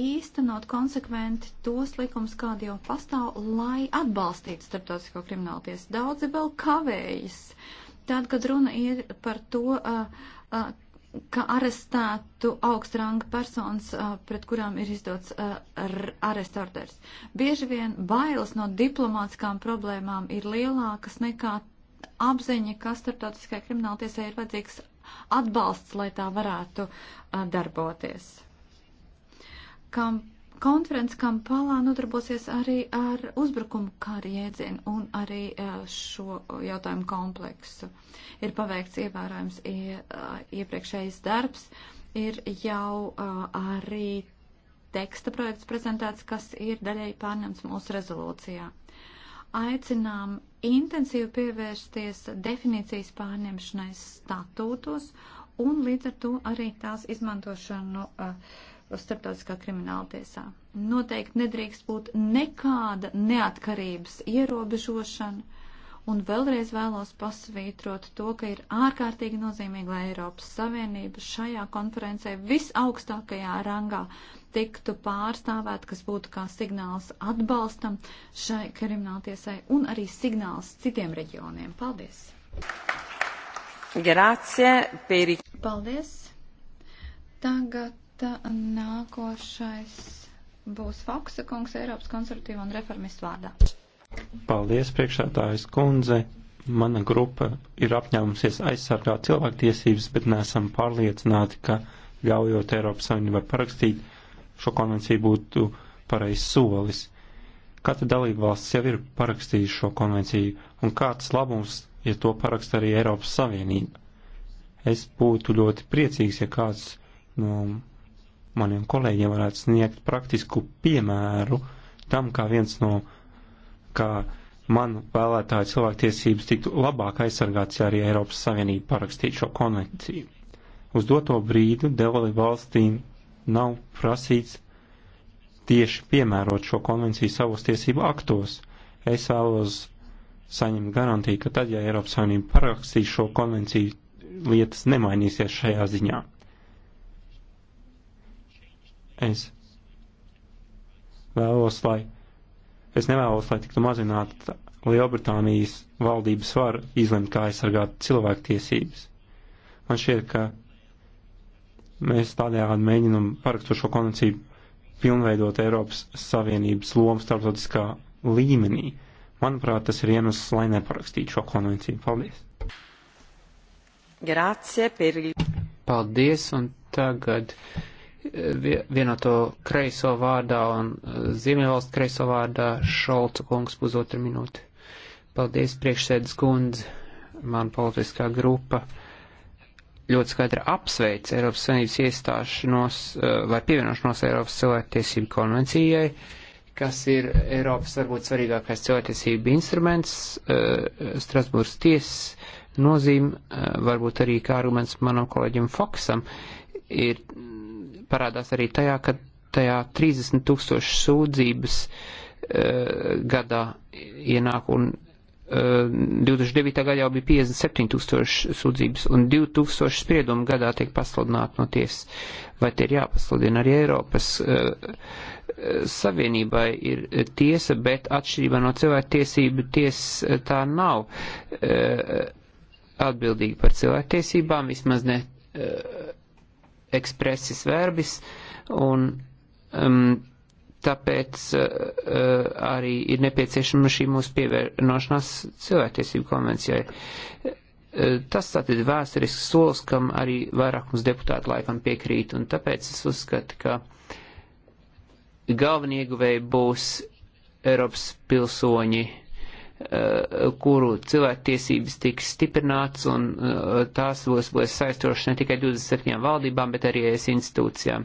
īstenot konsekventi tos likums, kādi jau pastāv, lai atbalstītu starptautisko kriminālu tiesu. Daudzi vēl kavējas. Tad, kad runa ir par to, uh, uh, ka arestētu augstranga personas, pret kurām ir izdots arest orders. Bieži vien bailes no diplomātiskām problēmām ir lielākas nekā apziņa, ka starptautiskai krimināltiesai ir vajadzīgs atbalsts, lai tā varētu uh, darboties. Kam, konferences Kampalā nodarbosies arī ar uzbrukumu kāru jēdzienu un arī uh, šo jautājumu kompleksu. Ir paveikts ievērojams ie, uh, iepriekšējais darbs, ir jau uh, arī teksta projekts prezentēts, kas ir daļēji pārņemts mūsu rezolūcijā aicinām intensīvi pievērsties definīcijas pārņemšanai statūtos un līdz ar to arī tās izmantošanu uh, starptautiskā krimināla tiesā. Noteikti nedrīkst būt nekāda neatkarības ierobežošana Un vēlreiz vēlos pasvītrot to, ka ir ārkārtīgi nozīmīgi, lai Eiropas Savienība šajā konferencē visaugstākajā rangā tiktu pārstāvēt, kas būtu kā signāls atbalstam šai krimināltiesai un arī signāls citiem reģioniem. Paldies! Grācie, pēri. Paldies! Tagad uh, nākošais būs Foksa kungs Eiropas konservatīva un reformistu vārdā. Paldies, priekšētājas kundze. Mana grupa ir apņēmusies aizsargāt cilvēktiesības, bet nesam pārliecināti, ka ļaujot Eiropas Savienībai parakstīt šo konvenciju būtu pareizs solis. Katra dalībvalsts jau ir parakstījusi šo konvenciju, un kāds labums, ja to paraksta arī Eiropas Savienība? Es būtu ļoti priecīgs, ja kāds no maniem kolēģiem varētu sniegt praktisku piemēru tam, kā viens no ka man vēlētāju cilvēktiesības tiktu labāk aizsargāts, ja arī Eiropas Savienība parakstītu šo konvenciju. Uz doto brīdi Devali valstīm nav prasīts tieši piemērot šo konvenciju savos tiesību aktos. Es vēlos saņemt garantiju, ka tad, ja Eiropas Savienība parakstīs šo konvenciju, lietas nemainīsies šajā ziņā. Es vēlos, lai Es nevēlos, lai tiktu mazināta Lielbritānijas valdības var izlemt, kā aizsargāt cilvēktiesības. Man šķiet, ka mēs tādējādi mēģinam parakstošo konvenciju pilnveidot Eiropas Savienības lomu starptautiskā līmenī. Manuprāt, tas ir iemesls, lai neparakstītu šo konvenciju. Paldies! Grācie, Pirgi! Paldies, un tagad vienoto kreiso vārdā un e, Ziemeļvalstu kreiso vārdā Šolca kungs pusotru minūti. Paldies, priekšsēdus kundze, man politiskā grupa ļoti skaidri apsveic Eiropas Savienības iestāšanos e, vai pievienošanos Eiropas cilvēktiesību konvencijai, kas ir Eiropas varbūt svarīgākais cilvēktiesību instruments, e, Strasbūras tiesas nozīme, varbūt arī kā arguments manam kolēģim Foksam, ir parādās arī tajā, ka tajā 30 tūkstoši sūdzības uh, gadā ienāk un uh, e, 2009. gadā jau bija 57 tūkstoši sūdzības un 2000 spriedumu gadā tiek pasludināti no tiesas. Vai tie ir jāpasludina arī Eiropas uh, Savienībai ir tiesa, bet atšķirībā no cilvēktiesību tiesa tā nav atbildīga par cilvēktiesībām, vismaz ne expressis verbis, un um, tāpēc uh, uh arī ir nepieciešama šī mūsu pievērnošanās cilvēktiesību konvencijai. Uh, tas tātad ir vēsturisks solis, kam arī vairākums deputātu laikam piekrīt, un tāpēc es uzskatu, ka galvenie ieguvēji būs Eiropas pilsoņi Eh, kuru cilvēktiesības tiks stiprināts un eh, tās būs, būs saistošas ne tikai 27 valdībām, bet arī es institūcijām.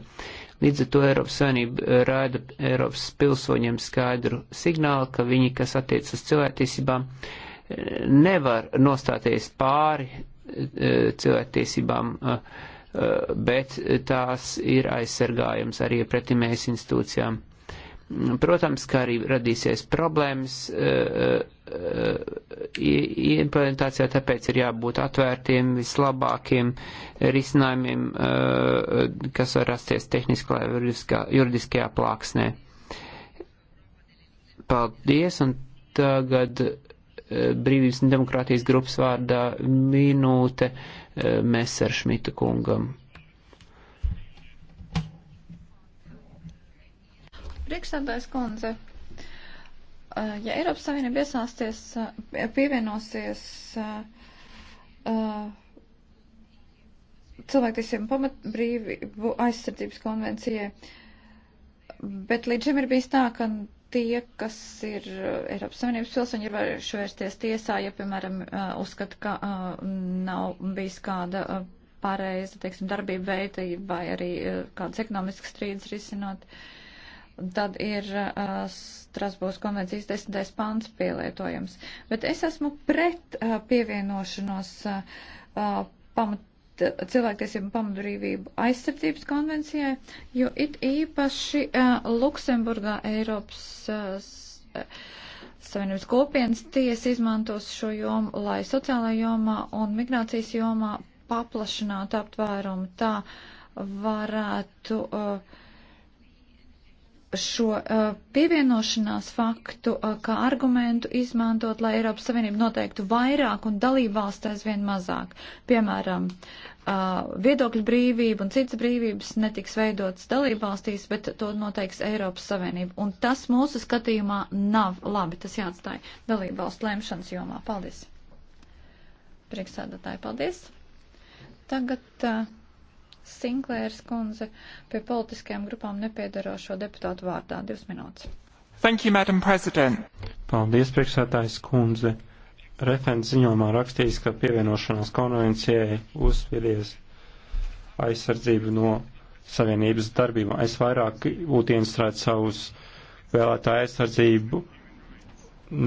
Līdz ar to Eiropas Savienība rāda Eiropas pilsoņiem skaidru signālu, ka viņi, kas attiec uz cilvēktiesībām, eh, nevar nostāties pāri cilvēktiesībām, bet tās ir aizsargājums arī pretimējas institūcijām. Protams, ka arī radīsies problēmas e, e, e, implementācijā, tāpēc ir jābūt atvērtiem vislabākiem risinājumiem, kas var rasties tehniskā juridiskajā plāksnē. Paldies, un tagad brīvības un demokrātijas grupas vārdā minūte Messeršmita kungam. Priekšsēdājas kundze, eh, ja Eiropas Savienība iesāsties, eh, pievienosies eh, cilvēktiesību pamatbrīvību aizsardzības konvencijai, bet līdz šim ir bijis tā, ka tie, kas ir Eiropas Savienības pilsoņi, ir varējuši vērsties tiesā, ja, piemēram, uzskata, ka nav bijis kāda pareiza, teiksim, darbība veida vai arī kādas ekonomiskas strīdas risinot. Uh, Un tad ir uh, Strasbūras konvencijas desmitais pants pielietojams. Bet es esmu pret uh, pievienošanos uh, pamat, cilvēktiesību pamatbrīvību aizsardzības konvencijai, jo it īpaši uh, Luksemburgā Eiropas uh, Savienības kopienas tiesa izmantos šo jomu, lai sociālajā jomā un migrācijas jomā paplašinātu aptvērumu. Tā varētu. Uh, šo uh, pievienošanās faktu uh, kā argumentu izmantot, lai Eiropas Savienība noteiktu vairāk un dalībvalsts aizvien mazāk. Piemēram, uh, viedokļu brīvība un citas brīvības netiks veidotas dalībvalstīs, bet to noteiks Eiropas Savienība. Un tas mūsu skatījumā nav labi. Tas jāatstāja dalībvalstu lemšanas jomā. Paldies. Priekšsēdētāji, paldies. Tagad. Uh, Sinklērs kundze pie politiskajām grupām nepiedarošo deputātu vārdā. Divas minūtes. Thank you, Madam President. Paldies, priekšsētājs kundze. Referents ziņojumā rakstījis, ka pievienošanās konvencijai uzspiedies aizsardzību no savienības darbībām. Es vairāk būtu iestrādājis savus vēlētāju aizsardzību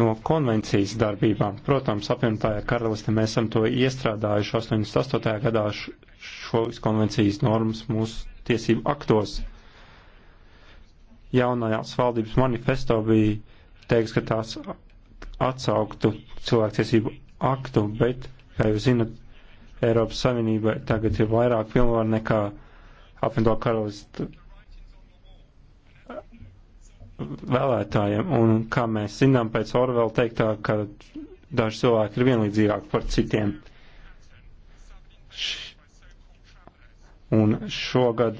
no konvencijas darbībām. Protams, apvienotājā karaliste mēs esam to iestrādājuši 88. gadā šos konvencijas normas mūsu tiesību aktos. Jaunajās valdības manifesto bija teiks, ka tās atsauktu cilvēktiesību aktu, bet, kā jūs zinat, Eiropas Savienībai tagad ir vairāk pilnvaru nekā apvienoto karalistu vēlētājiem, un kā mēs zinām pēc Orvela teiktā, ka daži cilvēki ir vienlīdzīgāki par citiem. Šī un šogad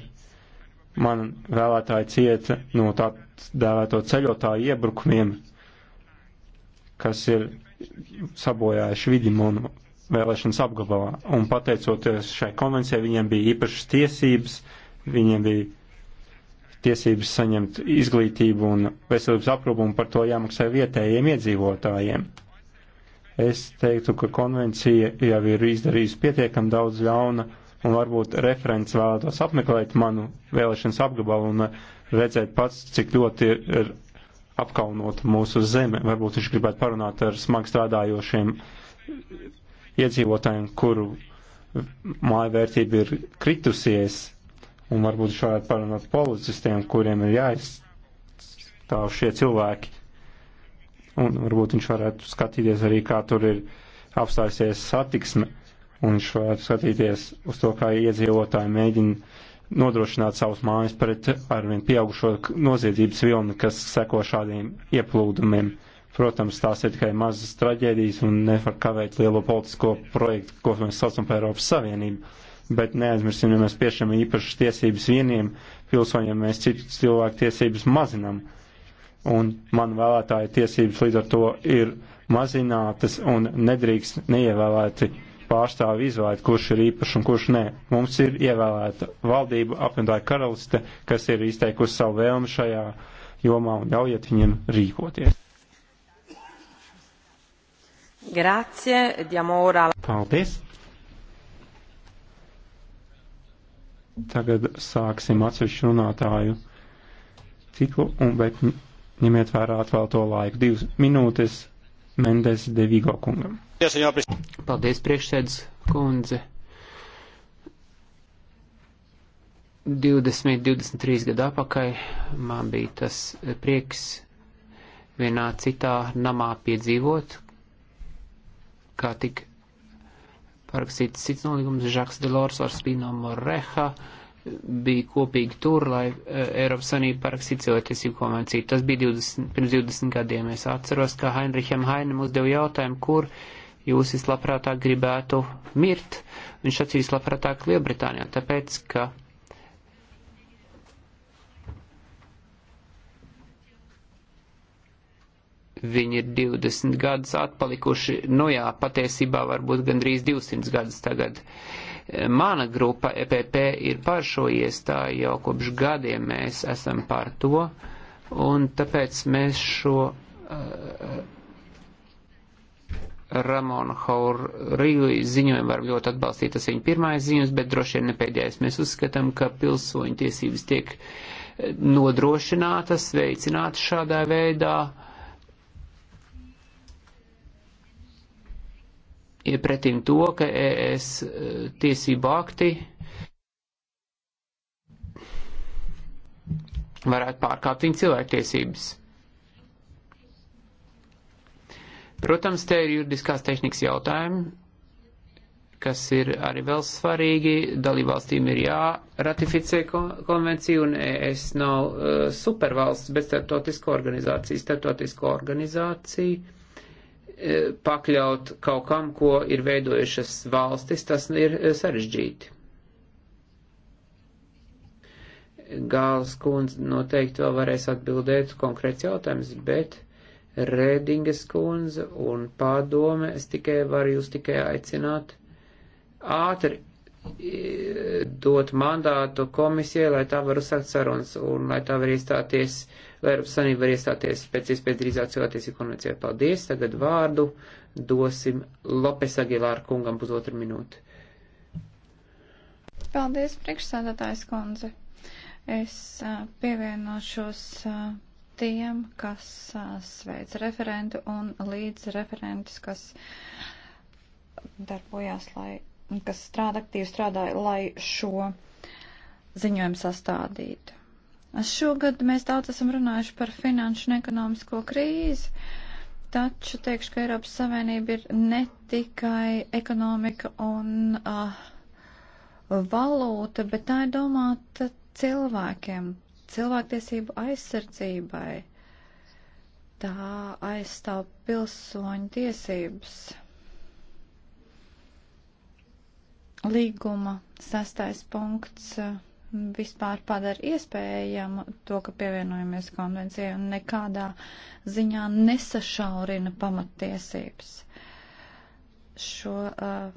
man vēlētāji cieta no tā dēvēto ceļotāju iebrukumiem, kas ir sabojājuši vidi manu vēlēšanas apgabalā. Un pateicoties šai konvencijai, viņiem bija īpašas tiesības, viņiem bija tiesības saņemt izglītību un veselības aprūpu, un par to jāmaksā vietējiem iedzīvotājiem. Es teiktu, ka konvencija jau ir izdarījusi pietiekam daudz ļauna un varbūt referents vēlētos apmeklēt manu vēlēšanas apgabalu un uh, redzēt pats, cik ļoti ir, ir apkaunot mūsu zeme. Varbūt viņš gribētu parunāt ar smag strādājošiem iedzīvotājiem, kuru māja vērtība ir kritusies, un varbūt viņš varētu parunāt policistiem, kuriem ir jāizstāv šie cilvēki. Un varbūt viņš varētu skatīties arī, kā tur ir apstājusies satiksme un viņš varētu skatīties uz to, kā iedzīvotāji mēģina nodrošināt savus mājas pret arvien pieaugušo noziedzības vilni, kas seko šādiem ieplūdumiem. Protams, tās ir tikai mazas traģēdijas un nevar kavēt lielo politisko projektu, ko mēs saucam par Eiropas Savienību. Bet neaizmirsim, ja mēs piešķiram īpašas tiesības vieniem pilsoņiem, mēs citu cilvēku tiesības mazinam. Un man vēlētāju tiesības līdz ar to ir mazinātas un nedrīkst neievēlēti pārstāvi izvēlēt, kurš ir īpašs un kurš nē. Mums ir ievēlēta valdība apvienotāja karaliste, kas ir izteikusi savu vēlmi šajā jomā un ļaujiet viņiem rīkoties. Grazie, diamo ora. Paldies. Tagad sāksim atsevišķu runātāju ciklu un beig ņemiet vērā atvēlto laiku. Divas minūtes Mendes de Vigo kungam. Paldies, priekšsēdus kundze. 20, 23 gadu apakaļ man bija tas prieks vienā citā namā piedzīvot, kā tik parakstīts cits nolīgums, Žaks Delors ar Spino Moreha bija kopīgi tur, lai eh, Eiropas Savienība parakstītu cilvēktiesību konvenciju. Tas bija 20, pirms 20 gadiem. Es atceros, ka Heinricham Hainam uzdeva jautājumu, kur uh, jūs vislabprātāk gribētu mirt, viņš sacīs labprātāk Lielbritānijā, tāpēc, ka viņi ir 20 gadus atpalikuši, nu jā, patiesībā varbūt gandrīz 200 gadus tagad. Mana grupa EPP ir par šo iestāju, jau kopš gadiem mēs esam par to, un tāpēc mēs šo uh, Ramona Haurīlī ziņojumu varam ļoti atbalstīt, tas viņa pirmais ziņojums, bet droši vien ne pēdējais. Mēs uzskatām, ka pilsoņu tiesības tiek eh, nodrošinātas, veicinātas šādā veidā. Iepretim to, ka ES eh, tiesību akti varētu pārkāpt viņa cilvēktiesības. Protams, te ir juridiskās tehnikas jautājumi, kas ir arī vēl svarīgi. Dalībvalstīm ir jāratificē konvenciju, un es nav uh, supervalsts, bet starptautiska organizācija. Starptautiska organizācija uh, pakļaut kaut kam, ko ir veidojušas valstis, tas ir uh, sarežģīti. Gāls kundze noteikti vēl varēs atbildēt konkrēts jautājums, bet uh, Rēdingas kundze un pārdome, es tikai varu jūs tikai aicināt ātri e, dot mandātu komisijai, lai tā var uzsākt sarunas un lai tā var iestāties, lai Eiropas Sanība var iestāties pēc iespējas drīzāk cilvēktiesību konvencijā. Paldies! Tagad vārdu dosim Lopes Agilāru kungam pusotru minūti. Paldies, priekšsēdētājs kundze! Es pievienošos tiem, kas sveic referentu un līdz referentus, kas darbojās, lai, kas strādā aktīvi strādāja, lai šo ziņojumu sastādītu. Šogad mēs daudz esam runājuši par finanšu un ekonomisko krīzi, taču teikšu, ka Eiropas Savienība ir ne tikai ekonomika un uh, valūta, bet tā ir domāta cilvēkiem, cilvēktiesību aizsardzībai. Tā aizstāv pilsoņu tiesības. Līguma sastais punkts mm, vispār padara iespējamu to, ka pievienojamies konvencijai un nekādā ziņā nesašaurina pamatiesības. Šo uh,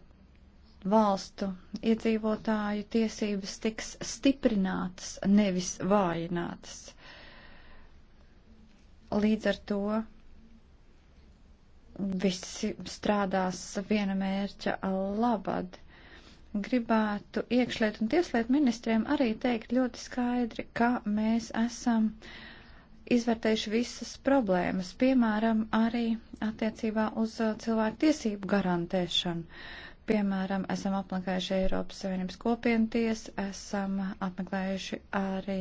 valstu iedzīvotāju tiesības tiks stiprinātas, nevis vājinātas. Līdz ar to visi strādās viena mērķa labad. Gribētu iekšliet un tieslietu ministriem arī teikt ļoti skaidri, ka mēs esam izvērtējuši visas problēmas, piemēram, arī attiecībā uz cilvēku tiesību garantēšanu. Uh, Piemēram, esam apmeklējuši Eiropas Savienības kopienu tiesu, esam apmeklējuši arī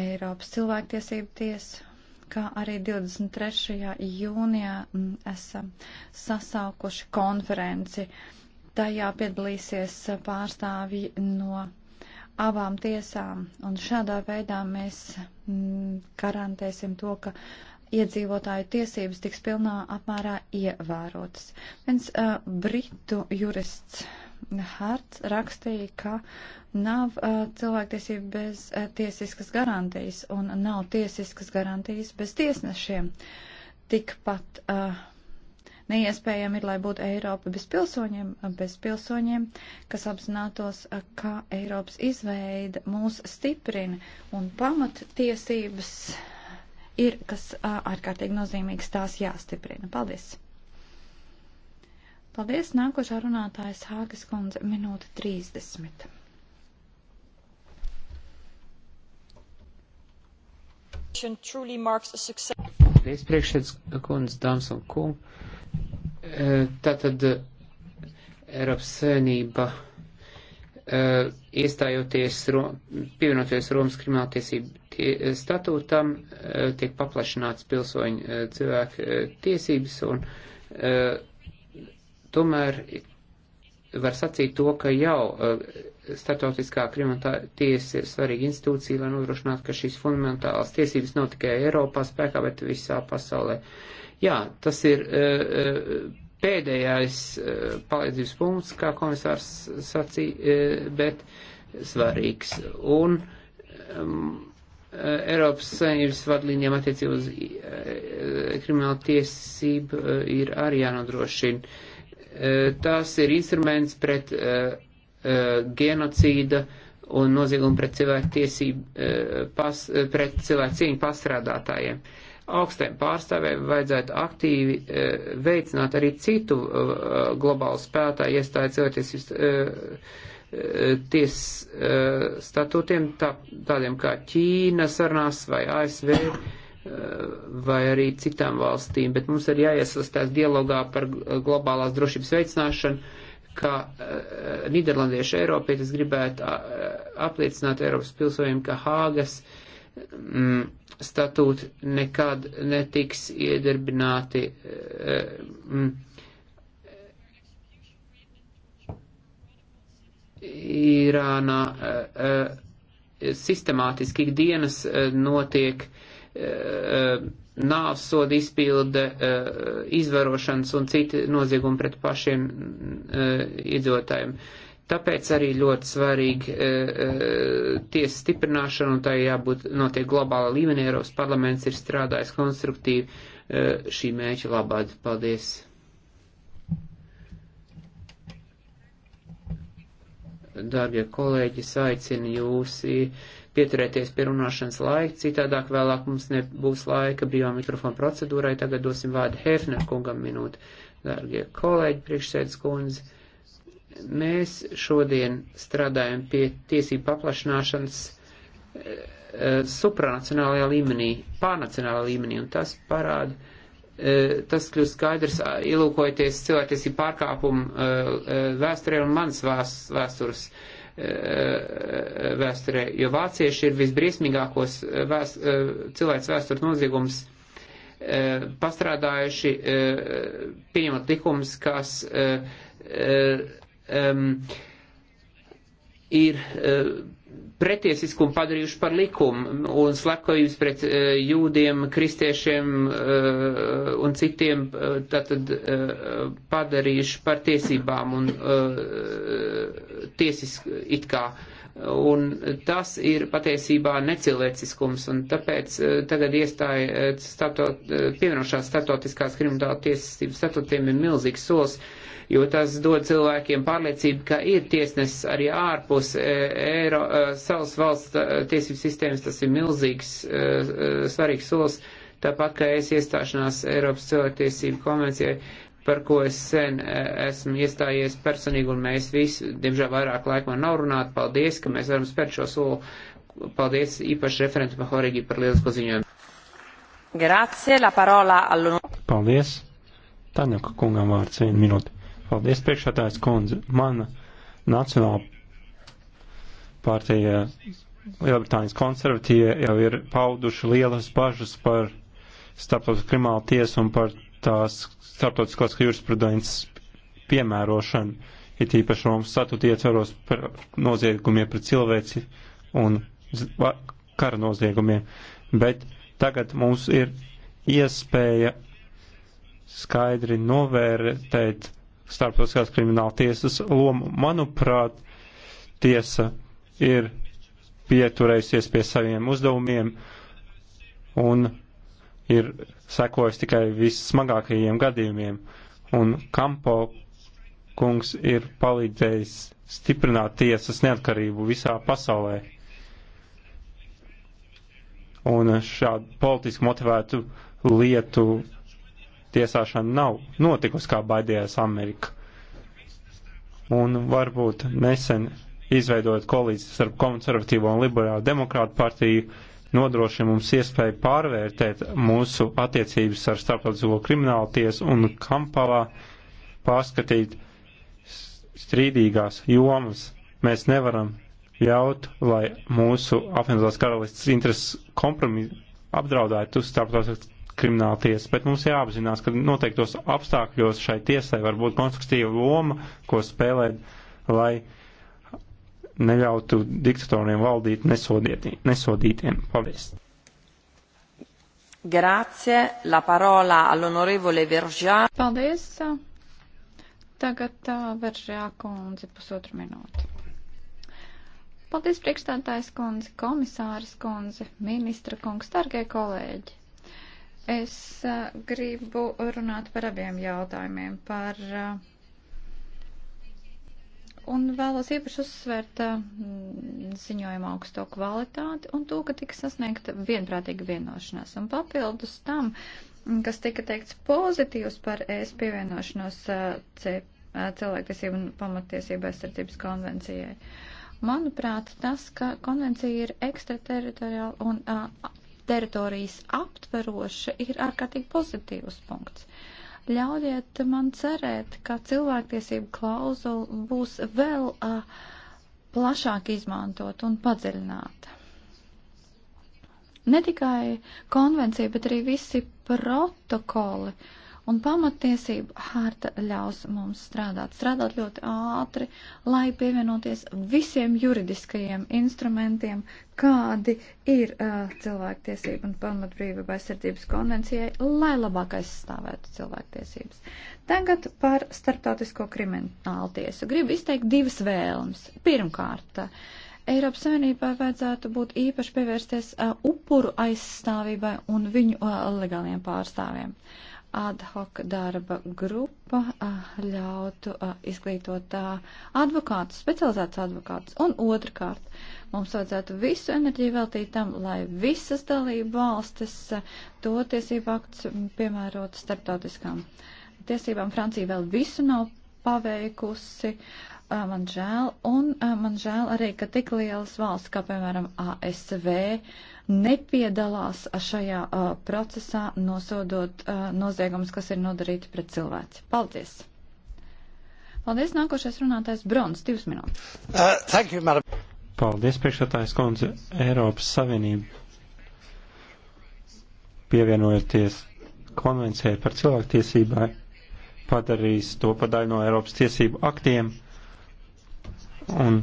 Eiropas cilvēktiesību tiesu, kā arī 23. jūnijā mm, esam sasaukuši konferenci. Tajā piedalīsies pārstāvji no abām tiesām, un šādā veidā mēs mm, garantēsim to, ka iedzīvotāju tiesības tiks pilnā apmērā ievērotas. Viens uh, britu jurists Hārts rakstīja, ka nav uh, cilvēktiesība bez uh, tiesiskas garantijas un nav tiesiskas garantijas bez tiesnešiem. Tikpat uh, neiespējami ir, lai būtu Eiropa bez pilsoņiem, uh, bez pilsoņiem, kas apzinātos, uh, ka Eiropas izveida mūs stiprina un pamattiesības. Uh, ir kas ārkārtīgi nozīmīgs, tās jāstiprina. Paldies! Paldies! Nākošā runātājas Hāgas kundze minūte 30. Paldies, priekšsēdz kundze, dāmas un kungi. Tātad Eiropas Savienība iestājoties, pievienoties Romas krimināltiesību Eh, statūtam eh, tiek paplašināts pilsoņu eh, cilvēku tiesības un tomēr var sacīt to, ka jau startautiskā krimināla tiesa ir svarīga institūcija, lai nodrošinātu, ka šīs fundamentālās tiesības nav tikai Eiropā spēkā, bet visā pasaulē. Jā, tas ir pēdējais palīdzības punkts, kā komisārs sacīja, bet svarīgs. Un, um, Eh, Eiropas Savienības vadlīnijām attiecībā uz eh, eh, kriminālu tiesību ir arī jānodrošina. Tās ir instruments pret genocīda un noziegumu pret cilvēku tiesību, pas, pret cilvēku cieņu pastrādātājiem. Augstiem pārstāvēm vajadzētu aktīvi veicināt arī citu globālu spētāju iestāju cilvēktiesības ties e, statūtiem, tā, tādiem kā Ķīna sarunās vai ASV e, vai arī citām valstīm, bet mums ir jāiesaistās dialogā par globālās drošības veicināšanu, kā e, Nīderlandieši Eiropieši es gribētu apliecināt Eiropas pilsoņiem, ka Hāgas mm, statūti nekad netiks iedarbināti. Mm, Irānā e, e, sistemātiski ikdienas e, notiek nāvs soda izpilde, izvarošanas un citi noziegumi pret pašiem iedzīvotājiem. Tāpēc arī ļoti svarīgi e, e, tiesas stiprināšana, un tā jābūt notiek globāla līmenī. Eiropas parlaments ir strādājis konstruktīvi e, šī mēķa labāk. Paldies! Dārgie kolēģi, es aicinu jūs eh, pieturēties pie runāšanas laika, citādāk vēlāk mums nebūs laika brīvā mikrofona procedūrai. Tagad dosim vārdu Hefner kungam minūti. Dārgie kolēģi, priekšsēdus kundze, mēs šodien strādājam pie tiesību paplašināšanas eh, supranacionālajā līmenī, pārnacionālajā līmenī, un tas parāda, E, tas kļūst skaidrs, ilūkojoties cilvēktiesību pārkāpumu e, e, vēsturē un manas vēstures vēsturē, jo vācieši ir visbriesmīgākos vēst, cilvēks vēstures noziegums pastrādājuši, pieņemot likumus, kas ir pretiesiskumu padarījuši par likumu un slepkavības pret uh, jūdiem, kristiešiem uh, un citiem uh, tātad uh, padarījuši par tiesībām un uh, tiesisku it kā. Un tas ir patiesībā necilvēciskums, un tāpēc uh, tagad iestāja uh, statot, uh, pievienošās statotiskās krimināla tiesas statutiem ir milzīgs solis. Uh, jo tas dod cilvēkiem pārliecību, ka ir tiesnesis arī ārpus e, Eiro, e, savas valsts e, tiesību sistēmas, tas ir milzīgs, svarīgs solis, tāpat kā es iestāšanās Eiropas cilvēktiesību konvencijai, par ko es sen esmu iestājies personīgi, un mēs visi, diemžēl vairāk laika man nav runāt, paldies, ka mēs varam spērt šo soli. Paldies īpaši referentu Mahorigi par lielisko ziņojumu. Grazie, la parola all'on. Paldies. Tanaka kungam vārds vienu minūti. Paldies, priekšētājs kundze. Mana nacionāla partija Lielbritānijas konservatīvie jau ir pauduši lielas bažas par starptautiskā krimināla tiesa un par tās starptautiskās jurisprudences piemērošanu, ir tīpaši Romas statūti ietveros par noziegumiem pret cilvēci un kara noziegumiem. Bet tagad mums ir iespēja skaidri novērtēt starptautiskās krimināla tiesas lomu. Manuprāt, tiesa ir pieturējusies pie saviem uzdevumiem un ir sekojas tikai vissmagākajiem gadījumiem. Un Kampo kungs ir palīdzējis stiprināt tiesas neatkarību visā pasaulē. Un šādu politiski motivētu lietu tiesāšana nav notikusi, kā baidījās Amerika. Un varbūt nesen izveidot kolīdzes ar konservatīvo un liberālu demokrātu partiju nodrošina mums iespēju pārvērtēt mūsu attiecības ar starptautisko kriminālu tiesu un Kampalā pārskatīt strīdīgās jomas. Mēs nevaram ļaut, lai mūsu apvienotās karalistas intereses kompromis apdraudētu starptautiskās krimināla tiesa, bet mums jāapzinās, ka noteiktos apstākļos šai tiesai var būt konstruktīva loma, ko spēlēt, lai neļautu diktatoriem valdīt nesodītiem. Paldies! Grazie, la parola all'onorevole Verjā. Paldies! Tagad uh, Verjā kundze pusotru minūti. Paldies, priekšstādātājs kundze, komisāris kundze, ministra kungs, targie kolēģi! Es uh, gribu runāt par abiem jautājumiem. Par, uh, un vēlos īpaši uzsvērt uh, ziņojuma augsto kvalitāti un to, ka tika sasniegta vienprātīga vienošanās. Un papildus tam, kas tika teikts pozitīvs par ES pievienošanos uh, C, uh, cilvēktiesību un pamatiesību aizsardzības konvencijai. Manuprāt, tas, ka konvencija ir ekstrateritoriāla un. Uh, teritorijas aptveroša ir ārkārtīgi pozitīvs punkts. Ļaujiet man cerēt, ka cilvēktiesību klauzula būs vēl uh, plašāk izmantot un padziļināta. Ne tikai konvencija, bet arī visi protokoli uh, Un pamatiesība harta ļaus mums strādāt, strādāt ļoti ātri, lai pievienoties visiem juridiskajiem instrumentiem, kādi ir uh, cilvēktiesība un pamatbrīvība aizsardzības konvencijai, lai labāk aizstāvētu cilvēktiesības. Tagad par starptautisko kriminālu tiesu. Gribu izteikt divas vēlmes. Pirmkārt, Eiropas Savienībā vajadzētu būt īpaši pievērsties uh, upuru aizstāvībai un viņu uh, legāliem pārstāvjiem. Uh, ad hoc darba grupa ļautu izglītot advokātus, specializētus advokātus. Un otrkārt, mums vajadzētu visu enerģiju veltīt tam, lai visas dalību valstis to tiesību aktus piemērotu starptautiskām tiesībām. Francija vēl visu nav paveikusi. Man žēl, un man žēl arī, ka tik lielas valsts kā, piemēram, ASV nepiedalās šajā uh, procesā, nosodot uh, noziegumus, kas ir nodarīti pret cilvēci. Paldies! Paldies, nākošais runātājs Brons, divas minūtes. Uh, thank you, madam. Paldies, priekšētājs kundze, Eiropas Savienība. Pievienojoties konvencijai par cilvēktiesībai, padarīs to par daļu no Eiropas tiesību aktiem un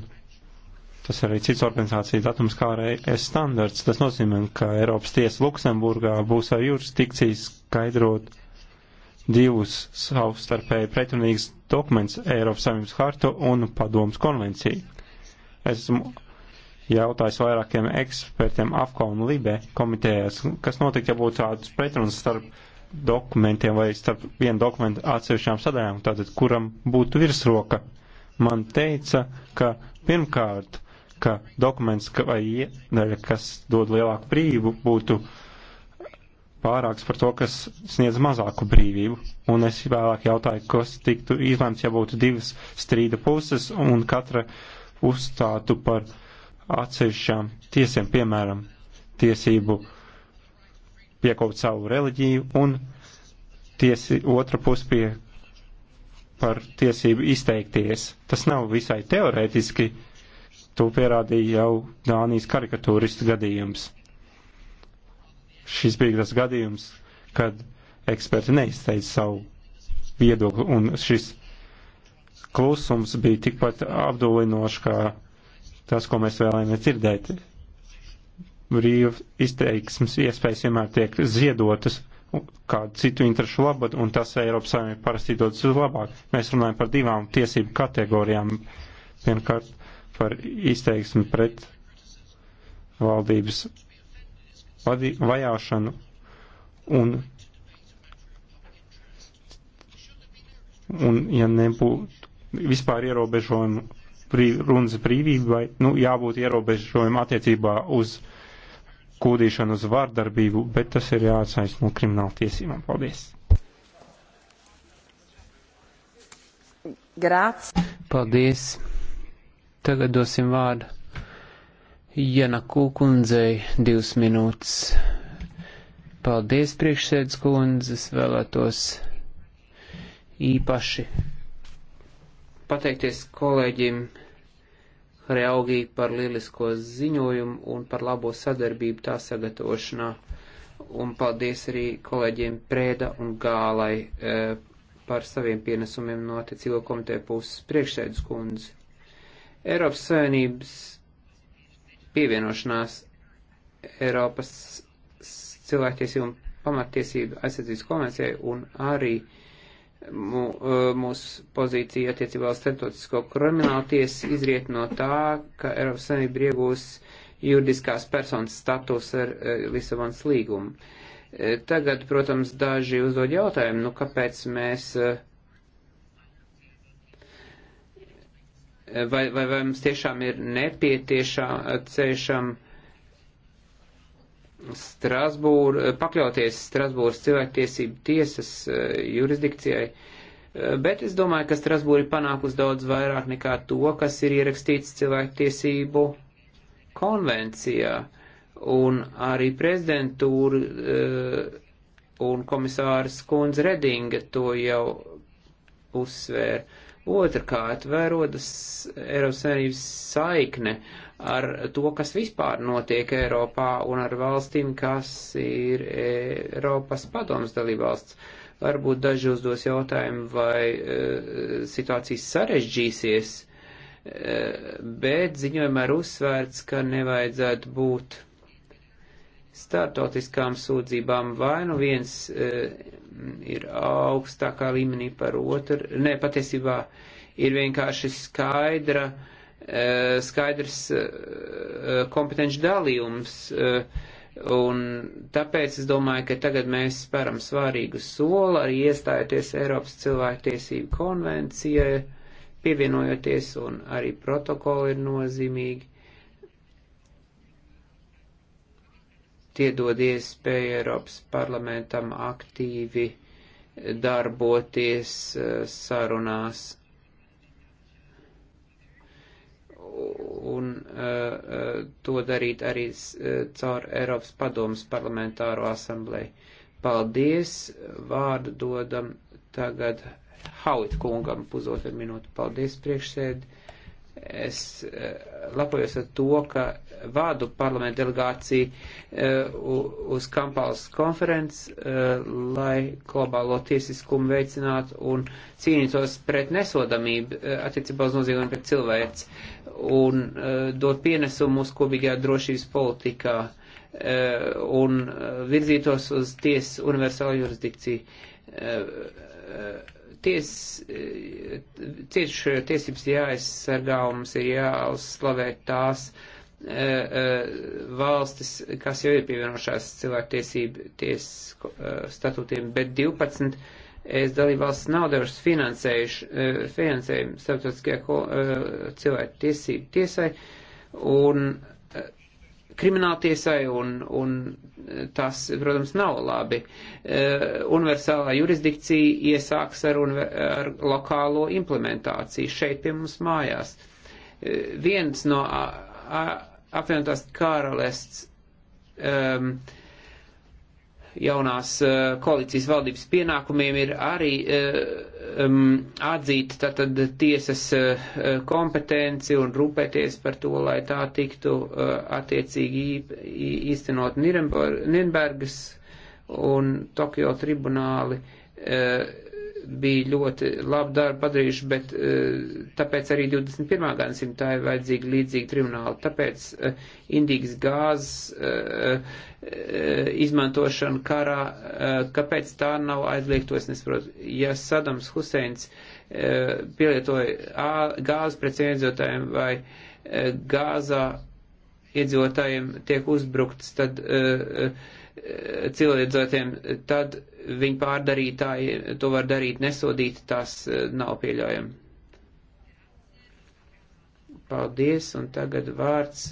Tas arī cits organizācijas datums kā arī es standarts. Tas nozīmē, ka Eiropas tiesa Luksemburgā būs ar jurisdikciju skaidrot divus savstarpēji pretrunīgus dokumentus - Eiropas Savienības hartu un padomus konvenciju. Esmu jautājis vairākiem ekspertiem AFCO un LIBE komitējās, kas notika, ja būtu tāds pretruns starp dokumentiem vai starp vienu dokumentu atsevišķām sadaļām, tātad kuram būtu virsroka. Man teica, ka pirmkārt ka dokuments vai iedaļa, kas dod lielāku brīvu, būtu pārāks par to, kas sniedz mazāku brīvību. Un es vēlāk jautāju, kas tiktu izlēmts, ja būtu divas strīda puses un katra uzstātu par atsevišķām tiesiem, piemēram, tiesību piekaut savu reliģiju un tiesi, otra puse pie par tiesību izteikties. Tas nav visai teorētiski, uh, To pierādīja jau Dānijas karikatūristu gadījums. Šis bija tas gadījums, kad eksperti neizteica savu viedokli, un šis klusums bija tikpat apdulinošs, kā tas, ko mēs vēlējāmies dzirdēt. Brīva izteiksmes iespējas vienmēr tiek ziedotas kādu citu interesu labad, un tas Eiropas Savienība parasti dodas uz labāk. Mēs runājam par divām tiesību kategorijām. Pirmkārt, par izteiksmi pret valdības vajāšanu un, un ja nebūtu vispār ierobežojumu brīv, runas brīvībai, nu, jābūt ierobežojumu attiecībā uz kūdīšanu uz vārdarbību, bet tas ir jāatsaist no krimināla tiesībām. Paldies! Grāts. Paldies! Tagad dosim vārdu Janaku kundzei divas minūtes. Paldies, priekšsēdus kundzes, vēlētos īpaši pateikties kolēģim Reaugī par lielisko ziņojumu un par labo sadarbību tā sagatavošanā. Un paldies arī kolēģiem Prēda un Gālai e, par saviem pienesumiem no attiecīgo komiteju puses priekšsēdus kundzi. Eiropas Savienības pievienošanās Eiropas cilvēktiesību un pamattiesību aizsardzības konvencijai un arī e, mūsu pozīcija attiecībā uz starptautisko kriminālu tiesu izriet no tā, ka Eiropas Savienība iegūs juridiskās personas status ar e, Lisabonas līgumu. E, tagad, protams, daži uzdod jautājumu, nu kāpēc mēs uh, vai, vai, vai mums tiešām ir nepieciešama Strasbūra, pakļauties Strasbūras cilvēktiesību tiesas eh, jurisdikcijai. Eh, bet es domāju, ka Strasbūra ir panākusi daudz vairāk nekā to, kas ir ierakstīts cilvēktiesību konvencijā. Un arī prezidentūra eh, un komisārs Kunz Redinga to jau uzsvēra Otrkārt, vērodas Eiropas Savienības saikne ar to, kas vispār notiek Eiropā un ar valstīm, kas ir Eiropas padomas dalībvalsts. Varbūt daži uzdos jautājumu, vai e, eh, situācijas sarežģīsies, e, bet ziņojumā ir uzsvērts, ka nevajadzētu būt startautiskām sūdzībām vai nu viens e, ir augstākā līmenī par otru, ne, patiesībā ir vienkārši skaidra, e, skaidrs e, kompetenci dalījums, e, un tāpēc es domāju, ka tagad mēs speram svārīgu soli arī iestājoties Eiropas cilvēktiesību konvencijai, pievienojoties, un arī protokoli ir nozīmīgi Tie dod iespēju Eiropas parlamentam aktīvi darboties eh, sarunās. Un uh, to darīt arī caur Eiropas padomus parlamentāro asambleju. Paldies! Vārdu dodam tagad Hauit kungam pusotru minūtu. Paldies priekšsēdi! es eh, lapojos ar to, ka vādu parlamentu delegāciju eh, uz Kampalas konferences, eh, lai globālo tiesiskumu veicinātu un cīnītos pret nesodamību attiecībā uz noziegumu pret cilvēks un dot pienesumu mūsu kopīgajā drošības politikā un virzītos uz tiesu universālu jurisdikciju ties, cieši tiesības jāaizsargā, mums ir jāuzslavē tās uh, uh, valstis, kas jau ir pievienošās cilvēktiesību ties uh, statūtiem, bet 12 es dalībvalsts nav devušas finansējumu starptautiskajā cilvēktiesību tiesai, un krimināltiesai, un, un tas, protams, nav labi. E, universālā jurisdikcija iesāks ar, un, ar lokālo implementāciju šeit pie mums mājās. E, viens no apvienotās karalists um, uh, jaunās eh, koalīcijas valdības pienākumiem ir arī um, atzīt tātad tiesas eh, kompetenci un rūpēties par to, lai tā tiktu attiecīgi īstenot Nirnbergas un Tokio tribunāli. Uh, bija ļoti labu darbu padarījuši, bet eh, tāpēc arī 21. gadsimtā ir vajadzīgi līdzīgi trimināli. Tāpēc eh, indīgas gāzes eh, izmantošana karā, kāpēc tā nav aizliegta, es nesaprotu. Ja Sadams Huseins pielietoja gāzi pret cienzotājiem vai gāzā iedzīvotājiem tiek uzbrukts, tad eh, eh, cilvēdzotiem, tad viņu pārdarītāji to var darīt nesodīt, tas eh, nav pieļaujami. Paldies, un tagad vārds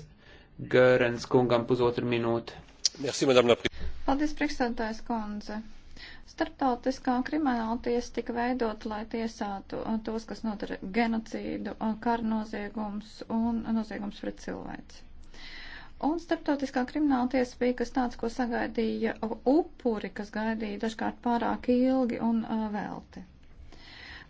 Gērens kungam pusotru minūti. Merci, madame la Paldies, priekšstādātājs kundze. Startautiskā krimināla tiesa tika veidota, lai tiesātu uh, tos, kas nodara genocīdu, uh, karu noziegums un noziegums pret cilvēci. Un starptautiskā krimināla tiesa bija kas tāds, ko sagaidīja upuri, kas gaidīja dažkārt pārāk ilgi un uh, velti.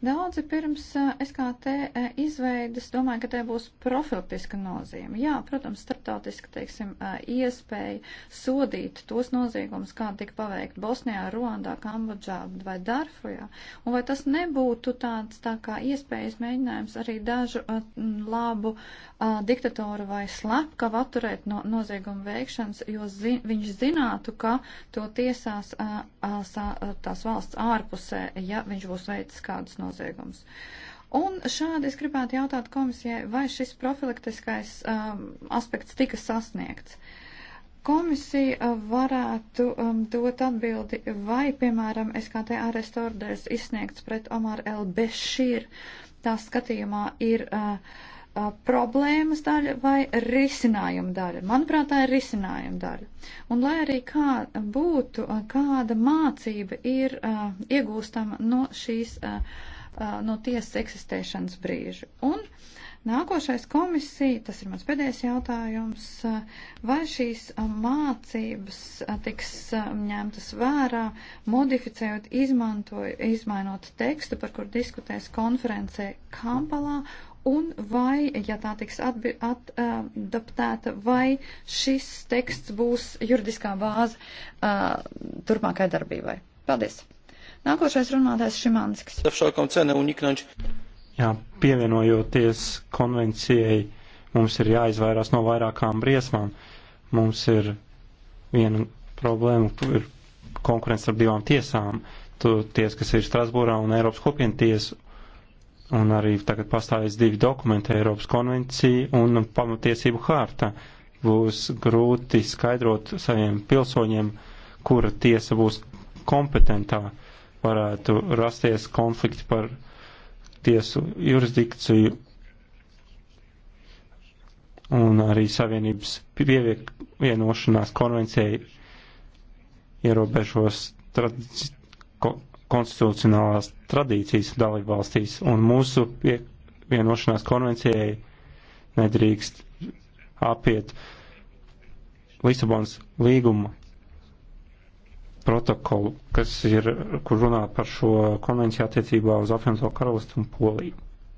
Daudzi pirms eh, SKT eh, izveidas domāja, ka tai būs profilaktiska nozīme. Jā, protams, starptautiska, teiksim, eh, iespēja sodīt tos noziegumus, kā tika paveikt Bosnijā, Ruandā, Kambodžā vai Darfujā. Un vai tas nebūtu tāds tā kā iespējas mēģinājums arī dažu a, labu a, diktatoru vai slepkavu atturēt no noziegumu veikšanas, jo zi, viņš zinātu, ka to tiesās a, a, sa, a, tās valsts ārpusē, ja viņš būs veicis kādus noziegumus noziegums. Un šādi es gribētu jautāt komisijai, vai šis profilaktiskais um, aspekts tika sasniegts. Komisija uh, varētu um, dot atbildi, vai, piemēram, SKT arestu orders izsniegts pret Omar El Bešīr, tā skatījumā ir uh, uh, problēmas daļa vai risinājuma daļa. Manuprāt, tā ir risinājuma daļa. Un lai arī kā būtu, uh, kāda mācība ir uh, iegūstama no šīs uh, no tiesas eksistēšanas brīža. Un nākošais komisija, tas ir mans pēdējais jautājums, vai šīs mācības tiks ņemtas vērā, modificējot, izmainot tekstu, par kur diskutēs konferencē Kampalā un vai, ja tā tiks adaptēta, vai šis teksts būs juridiskā bāze uh, turpmākai darbībai. Paldies! Nākošais runātājs Šimanskis. Jā, pievienojoties konvencijai, mums ir jāizvairās no vairākām briesmām. Mums ir viena problēma, ir konkurence ar divām tiesām. Tu, ties, kas ir Strasbūrā un Eiropas kopienu tiesa, un arī tagad pastāvēs divi dokumenti - Eiropas konvencija un pamatiesību hārta. Būs grūti skaidrot saviem pilsoņiem, kura tiesa būs kompetentā varētu rasties konflikti par tiesu jurisdikciju un arī Savienības pievienošanās konvencijai ierobežos tradici ko konstitucionālās tradīcijas dalībvalstīs, un mūsu pievienošanās konvencijai nedrīkst apiet Lisabonas līguma protokolu, kas ir, kur runā par šo konvenciju attiecībā uz apvienoto karalistu un Poliju.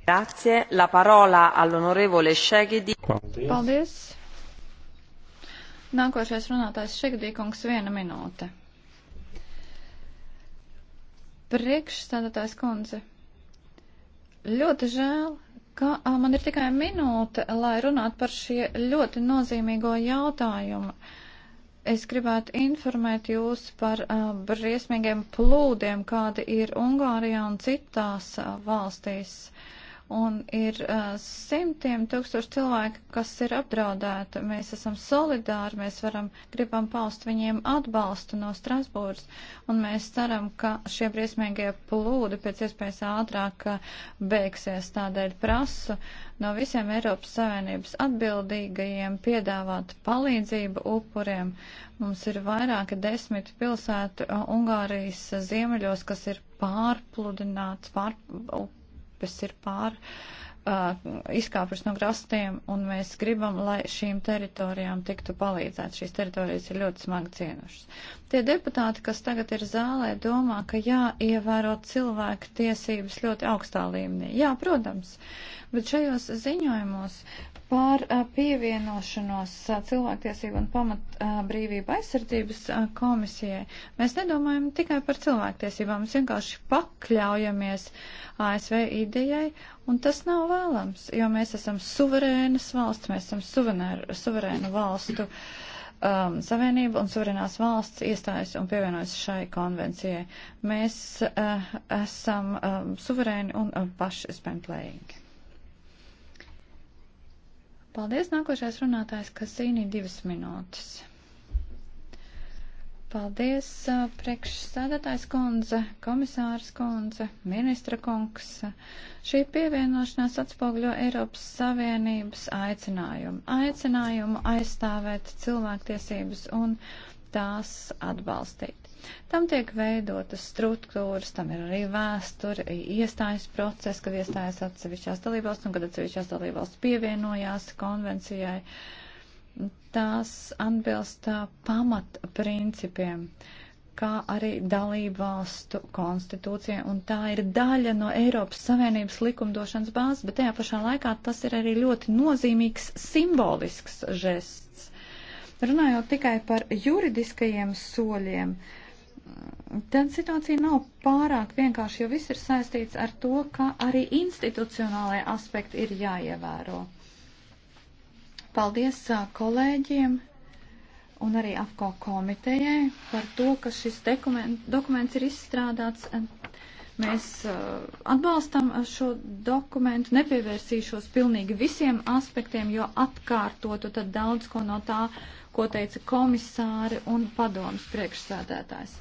Grazie, la parola all'onorevole Šegedi. Paldies. Paldies. Nākošais runātājs Šegedī kungs viena minūte. Priekšstādātājs kundze. Ļoti žēl, ka man ir tikai minūte, lai runātu par šie ļoti nozīmīgo jautājumu. Uh, Es gribētu informēt jūs par uh, briesmīgiem plūdiem, kādi ir Ungārijā un citās uh, valstīs. Uh, un ir uh, simtiem tūkstoši cilvēku, kas ir apdraudēti. Mēs esam solidāri, mēs varam, gribam paust viņiem atbalstu no Strasbūras, un mēs ceram, ka šie briesmīgie plūdi pēc iespējas ātrāk beigsies. Tādēļ prasu no visiem Eiropas Savienības atbildīgajiem piedāvāt palīdzību upuriem. Mums ir vairāki desmit pilsētu Ungārijas ziemeļos, kas ir pārpludināts, pārpludināts upes ir pār uh, izkāpus no krastiem, un mēs gribam, lai šīm teritorijām tiktu palīdzēts. Šīs teritorijas ir ļoti smagi cienušas. Tie deputāti, kas tagad ir zālē, domā, ka jāievēro cilvēku tiesības ļoti augstā līmenī. Jā, protams, bet šajos ziņojumos par pievienošanos cilvēktiesību un pamatbrīvību aizsardzības komisijai. Mēs nedomājam tikai par cilvēktiesībām, mēs vienkārši pakļaujamies ASV idejai, un tas nav vēlams, jo mēs esam suverēnas valsts, mēs esam suverēnu, suverēnu valstu um, savienība un suverēnās valsts iestājas un pievienojas šai konvencijai. Mēs uh, esam um, suverēni un uh, paši spēmplējīgi. Paldies, nākošais runātājs, kas cīnīja divas minūtes. Paldies, priekšsēdētājs kundze, komisārs kundze, ministra kungs. Šī pievienošanās atspogļo Eiropas Savienības aicinājumu. Aicinājumu aizstāvēt cilvēktiesības un cilvēktiesības tās atbalstīt. Tam tiek veidotas struktūras, tam ir arī vēsture, iestājas process, kad iestājas atsevišķās dalībvalsts un kad atsevišķās dalībvalsts pievienojās konvencijai. Tās atbilst pamatprincipiem, kā arī dalībvalstu konstitūcija, un tā ir daļa no Eiropas Savienības likumdošanas bāzes, bet tajā pašā laikā tas ir arī ļoti nozīmīgs simbolisks žests Runājot tikai par juridiskajiem soļiem, tad situācija nav pārāk vienkārši, jo viss ir saistīts ar to, ka arī institucionālajie aspekti ir jāievēro. Paldies kolēģiem un arī AFCO komitejai par to, ka šis dokument, dokuments ir izstrādāts. Mēs atbalstam šo dokumentu, nepievērsīšos pilnīgi visiem aspektiem, jo atkārtotu tad daudz ko no tā, uh, ko teica komisāri un padomas priekšsēdētājs.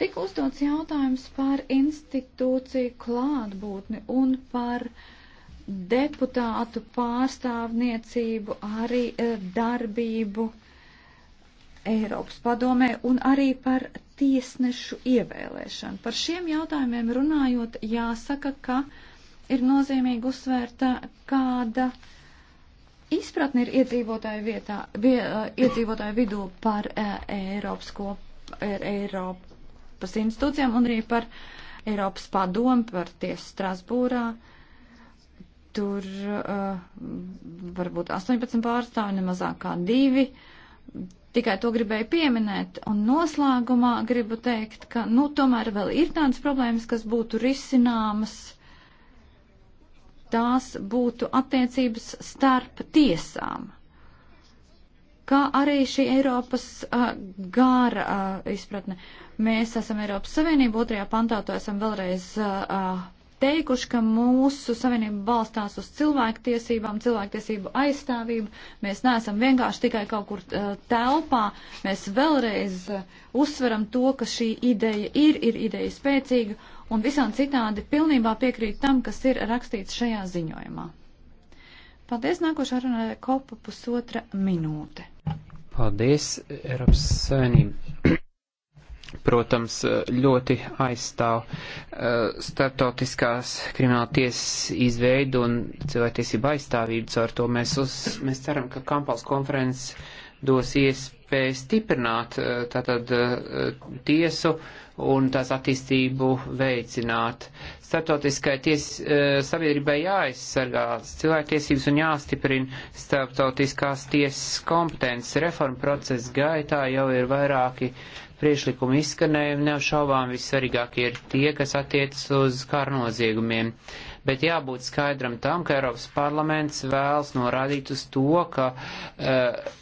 Tika uzdots jautājums par institūciju klātbūtni un par deputātu pārstāvniecību, arī e, darbību Eiropas padomē un arī par tiesnešu ievēlēšanu. Par šiem jautājumiem runājot, jāsaka, ka ir nozīmīgi uzsvērta, e, kāda uh, Izpratni ir iedzīvotāju, vietā, vie, eh, iedzīvotāju vidū par eh, Eiropas, kop, e, Eiropas institūcijām un arī par Eiropas padomu, par tiesu Strasbūrā. Tur uh, varbūt 18 pārstāvi, ne mazāk kā divi. Tikai to gribēju pieminēt, un noslēgumā gribu teikt, ka, nu, tomēr vēl ir tādas problēmas, kas būtu risināmas tās būtu attiecības starp tiesām. Kā arī šī Eiropas uh, gara uh, izpratne. Mēs esam Eiropas Savienība, otrajā pantā to esam vēlreiz uh, teikuši, ka mūsu savienība balstās uz cilvēktiesībām, cilvēktiesību aizstāvību. Mēs neesam vienkārši tikai kaut kur uh, telpā. Mēs vēlreiz uh, uzsveram to, ka šī ideja ir, ir ideja spēcīga un visām citādi pilnībā piekrīt tam, kas ir rakstīts šajā ziņojumā. Paldies, nākošā runā kopa pusotra minūte. Paldies, Eiropas Savienība. Protams, ļoti aizstāv uh, starptautiskās krimināla tiesas izveidu un cilvēktiesība aizstāvības, ar to mēs, uz, mēs ceram, ka Kampals konferences dos iespēju iespēja stiprināt eh, tātad eh, tiesu un tās attīstību veicināt. Startautiskai ties, eh, sabiedrībai jāaizsargā cilvēktiesības un jāstiprina starptautiskās tiesas kompetences. Reforma procesa gaitā jau ir vairāki priešlikumu izskanējumi neapšaubām vissvarīgākie ir tie, kas attiecas uz karnoziegumiem. Bet jābūt skaidram tam, ka Eiropas parlaments vēlas norādīt uz to, ka uh,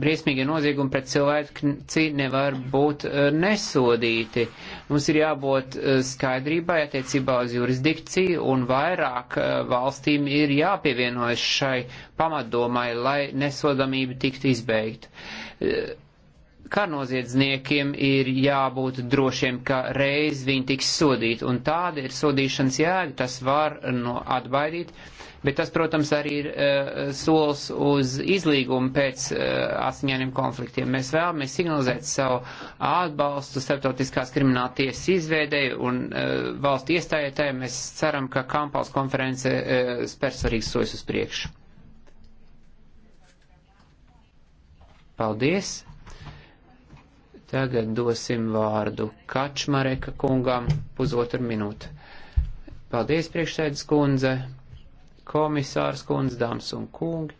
briesmīgie noziegumi pret cilvēci nevar būt eh, nesodīti. Mums ir jābūt eh, skaidrībai attiecībā uz jurisdikciju un vairāk eh, valstīm ir jāpievienojas šai pamatdomai, lai nesodamība tiktu izbeigta. Karnoziedzniekiem ir jābūt drošiem, ka reiz viņi tiks sodīti, un tāda ir sodīšanas jēga, tas var no nu, atbaidīt. Uh, Bet tas, protams, arī ir uh, solis uz izlīgumu pēc uh, asiņainiem konfliktiem. Mēs vēlamies signalizēt savu atbalstu starptautiskās krimināla tiesas izveidēju un uh, valstu iestājotājiem. Mēs ceram, ka Kampals konference uh, spērs svarīgs solis uz priekšu. Paldies! Tagad dosim vārdu Kačmareka kungam pusotru minūtu. Paldies, priekšsēdus kundze! komisārs kundz, dāmas un kungi.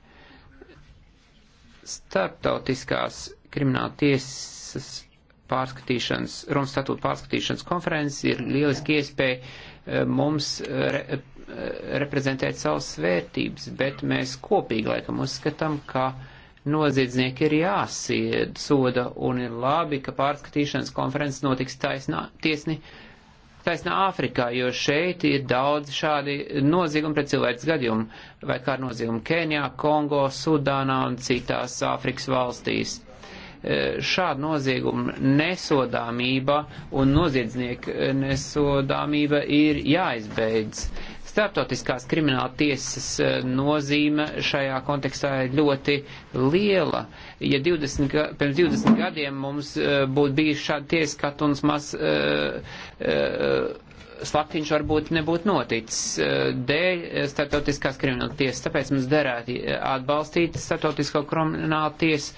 Starptautiskās krimināla tiesas pārskatīšanas, Romas statūta pārskatīšanas konferences ir lieliski iespēja eh, mums eh, re, eh, reprezentēt savas vērtības, bet mēs kopīgi laikam uzskatām, ka noziedznieki ir jāsied soda un ir labi, ka pārskatīšanas konferences notiks taisnā, tiesni taisnā Āfrikā, jo šeit ir daudz šādi noziegumi pret cilvēks gadījumu vai kā noziegumi Kenijā, Kongo, Sudānā un citās Āfrikas valstīs. E, šāda nozieguma nesodāmība un noziedznieku nesodāmība ir jāizbeidz. Startautiskās krimināla tiesas e, nozīme šajā kontekstā ir ļoti liela. Ja 20, pirms 20 gadiem mums e, būtu bijusi šāda tiesa, kad mums maz uh, e, uh, slaktiņš varbūt nebūtu noticis dēļ startautiskās krimināla tiesas. Tāpēc mums derētu atbalstīt startautisko krimināla tiesu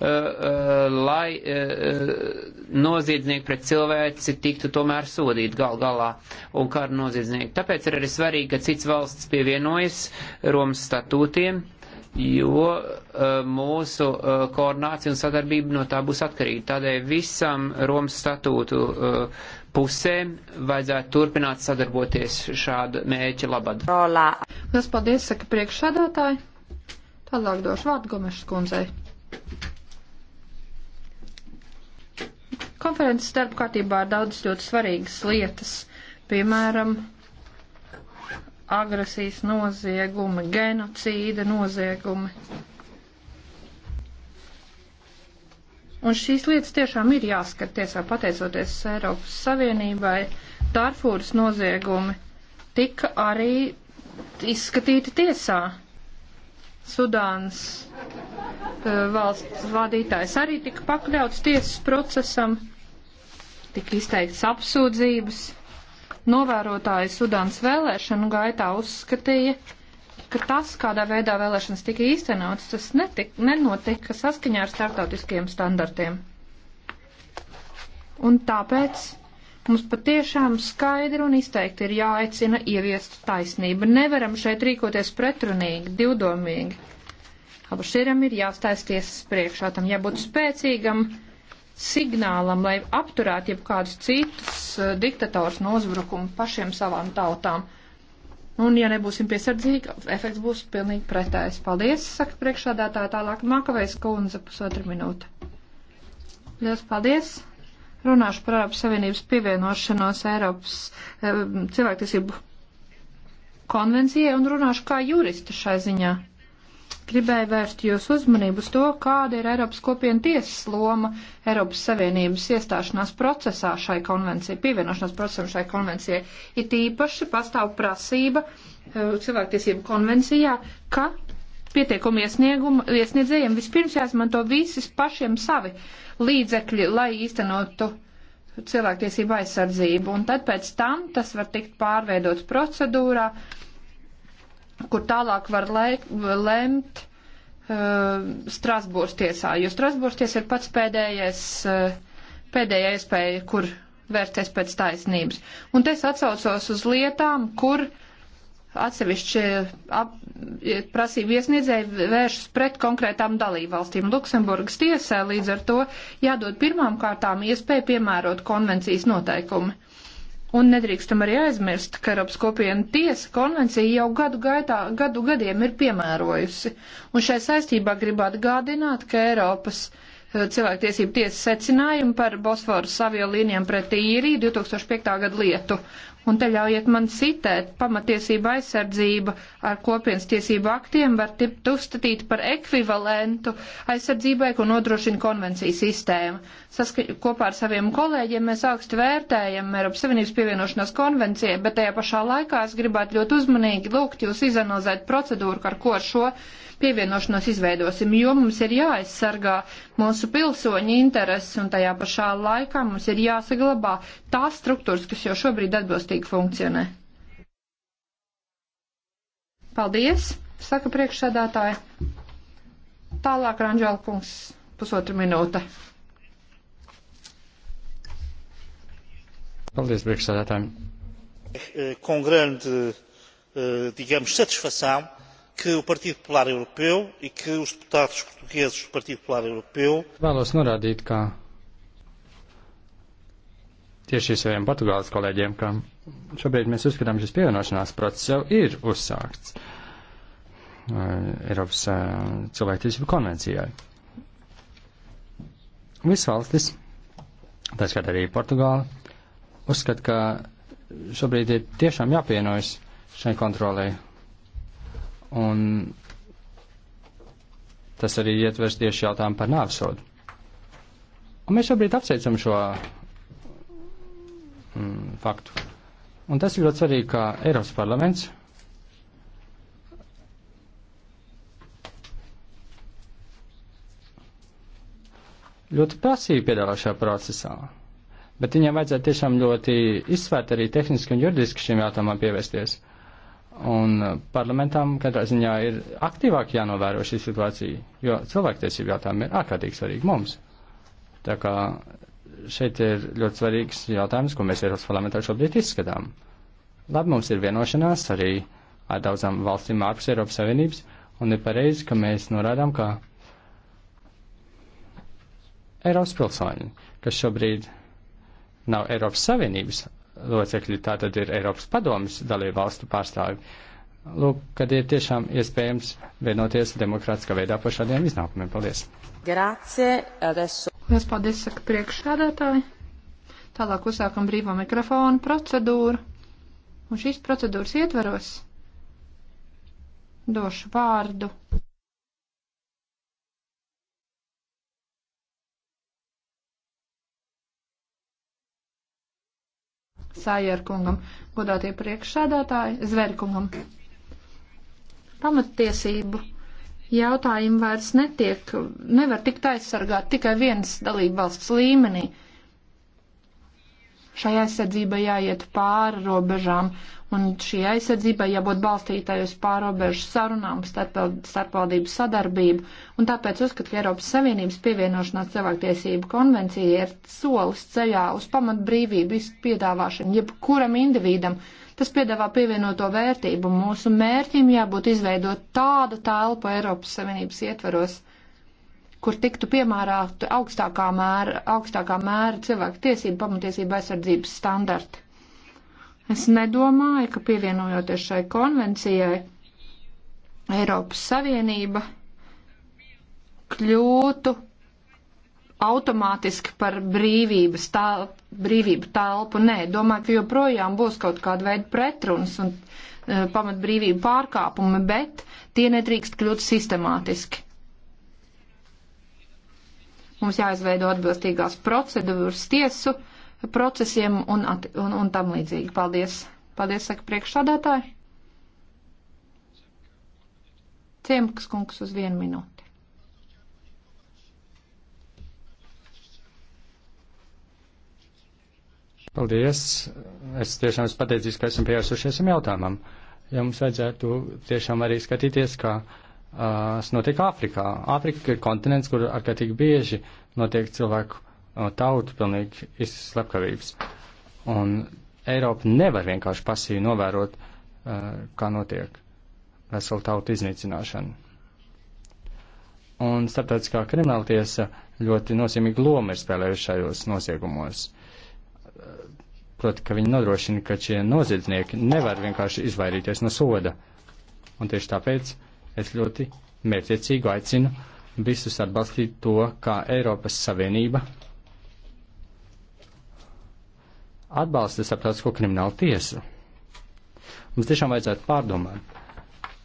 Uh, uh, lai uh, noziedznieki pret cilvēci tiktu tomēr sodīti gal galā un kara noziedznieki. Tāpēc ir arī svarīgi, ka cits valsts pievienojas Romas statūtiem, jo mūsu koordinācija un sadarbība no tā būs atkarīga. Tādēļ visam Romas statūtu pusēm vajadzētu turpināt sadarboties šāda mēķa labad. Rolā. Lielas paldies, saka priekšsēdētāji. Tālāk došu vārdu Gomešas kundzei. Konferences darba kārtībā ir daudz ļoti svarīgas lietas, piemēram, agresijas noziegumi, genocīda noziegumi. Un šīs lietas tiešām ir jāskat tiesā pateicoties Eiropas Savienībai. Darfūras noziegumi tika arī izskatīti tiesā. Sudānas eh, valsts vadītājs arī tika pakļauts tiesas procesam, tika izteikts apsūdzības. Novērotāji Sudānas vēlēšanu gaitā uzskatīja, ka tas, kādā veidā vēlēšanas tika īstenotas, tas netika, nenotika saskaņā ar starptautiskiem standartiem. Un tāpēc Mums patiešām skaidri un izteikti ir jāaicina ieviest taisnība. Nevaram šeit rīkoties pretrunīgi, divdomīgi. Abaširam ir jāstāsties priekšā, tam jābūt spēcīgam signālam, lai apturētu jebkādus citus eh, diktators no uzbrukumu pašiem savām tautām. Un, ja nebūsim piesardzīgi, efekts būs pilnīgi pretējs. Paldies, saka priekšādātāja tālāk Makavais kundze, pusotra minūte. Lielas paldies! Runāšu par Eiropas Savienības pievienošanos Eiropas e, cilvēktiesību konvencijai un runāšu kā jurista šai ziņā. Gribēju vērst jūsu uzmanību uz to, kāda ir Eiropas kopiena tiesas loma Eiropas Savienības iestāšanās procesā šai konvencijai, pievienošanās procesam šai konvencijai. Ir tīpaši pastāv prasība eh, cilvēktiesību konvencijā, ka pietiekumu iesniedzējiem, vispirms jāizmanto visis pašiem savi līdzekļi, lai īstenotu cilvēktiesību aizsardzību. Un tad pēc tam tas var tikt pārveidots procedūrā, kur tālāk var lēk, lemt uh, Strasbūras tiesā, jo Strasbūras tiesa ir pats pēdējais, uh, pēdējā iespēja, kur vērsties pēc taisnības. Un te es atsaucos uz lietām, kur atsevišķi ap, prasību iesniedzēji vēršas pret konkrētām dalībvalstīm. Luksemburgas tiesā līdz ar to jādod pirmām kārtām iespēja piemērot konvencijas noteikumi. Un nedrīkstam arī aizmirst, ka Eiropas kopiena tiesa konvenciju jau gadu, gaitā, gadu gadiem ir piemērojusi. Un šai saistībā gribētu gādināt, ka Eiropas eh, cilvēktiesību tiesas secinājumu par Bosforas aviolīnijām pret īriju 2005. gadu lietu. Un te ļaujiet man citēt, pamatiesība aizsardzība ar kopienas tiesību aktiem var tikt uzskatīt par ekvivalentu aizsardzībai, ko nodrošina konvencijas sistēma. Saska kopā ar saviem kolēģiem mēs augstu vērtējam Eiropas Savienības pievienošanās konvencijai, bet tajā pašā laikā es gribētu ļoti uzmanīgi lūgt jūs izanalizēt procedūru, ar ko šo pievienošanos izveidosim, jo mums ir jāaizsargā mūsu pilsoņu intereses un tajā pašā laikā mums ir jāsaglabā tās struktūras, kas jau šobrīd atbilstīgi labvēlīgi funkcionē. Paldies, saka priekšsēdētāji. Tālāk Ranžēla kungs, pusotra minūte. Paldies, priekšsēdētājiem. Com grande, eh, digamos, satisfação que o Partido Popular Europeu e que os deputados portugueses do Partido Popular Europeu. Vēlos norādīt, ka tieši saviem portugāles kolēģiem, ka šobrīd mēs uzskatām, šis pievienošanās process jau ir uzsākts uh, Eiropas uh, cilvēktiesību konvencijai. Viss valstis, tā skat arī Portugāla, uzskata, ka šobrīd ir tiešām jāpienojas šai kontrolē. Un tas arī ietvers tieši jautājumu par nāvsodu. Un mēs šobrīd apsveicam šo mm, faktu. Un tas ir ļoti svarīgi, kā Eiropas parlaments. Ļoti prasīja piedalās šajā procesā, bet viņam vajadzētu tiešām ļoti izsvērt arī tehniski un juridiski šim jautājumam pievērsties. Un uh, parlamentam katrā ziņā ir aktīvāk jānovēro šī situācija, jo cilvēktiesību jautājumi ir ārkārtīgi svarīgi mums. Tā kā šeit ir ļoti svarīgs jautājums, ko mēs Eiropas parlamentā šobrīd izskatām. Labi, mums ir vienošanās arī ar daudzām valstīm ārpus Eiropas Savienības, un ir pareizi, ka mēs norādām, ka Eiropas pilsoņi, kas šobrīd nav Eiropas Savienības locekļi, tātad ir Eiropas padomas dalību valstu pārstāvi, lūk, kad ir tiešām iespējams vienoties demokrātiskā veidā par šādiem iznākumiem. Paldies! Grācie, adesso. Mēs paldies, saka priekšsādātāji. Tālāk uzsākam brīvā mikrofona procedūru. Un šīs procedūras ietveros došu vārdu. Sājērkungam, godātie priekšsādātāji, Zverkungam. Pamattiesību jautājumi vairs netiek, nevar tikt aizsargāt tikai vienas dalībvalsts līmenī. Šai aizsardzībai jāiet pāri robežām, un šī aizsardzība jābūt balstītāji uz pārobežu sarunām, starpvaldību sadarbību, un tāpēc uzskatu, ka Eiropas Savienības pievienošanās cilvēktiesību konvencija ir solis ceļā uz pamat brīvību piedāvāšanu jebkuram individam, Tas piedāvā pievienoto vērtību. Mūsu mērķim jābūt izveidot tādu telpu Eiropas Savienības ietvaros, kur tiktu piemērāta augstākā mēra, augstākā mēra cilvēku tiesību pamatiesība aizsardzības standarti. Es nedomāju, ka pievienojoties šai konvencijai, Eiropas Savienība kļūtu automātiski par brīvības tā, brīvību telpu. Nē, domāju, ka joprojām būs kaut kāda veida pretrunas un uh, pamatbrīvību pārkāpumi, bet tie nedrīkst kļūt sistemātiski. Mums jāizveido atbilstīgās procedūras tiesu procesiem un, at, un, un tam līdzīgi. Paldies! Paldies, saka priekšsādātāji! Ciemkas kungs uz vienu minūti. Paldies! Es tiešām esmu pateicīgs, ka esam pievērsušies jautājumam. Ja mums vajadzētu tiešām arī skatīties, kā tas uh, notiek Āfrikā. Āfrika ir kontinents, kur ārkārtīgi bieži notiek cilvēku uh, tautu pilnīgi izslepkavības. Un Eiropa nevar vienkārši pasīvi novērot, uh, kā notiek veselu tautu iznīcināšanu un starptautiskā krimināltiesa ļoti nozīmīgu lomu ir spēlējusi šajos noziegumos. Proti, ka viņi nodrošina, ka šie noziedznieki nevar vienkārši izvairīties no soda. Un tieši tāpēc es ļoti mērķiecīgi aicinu visus atbalstīt to, kā Eiropas Savienība atbalsta starptautisko kriminālu tiesu. Mums tiešām vajadzētu pārdomāt,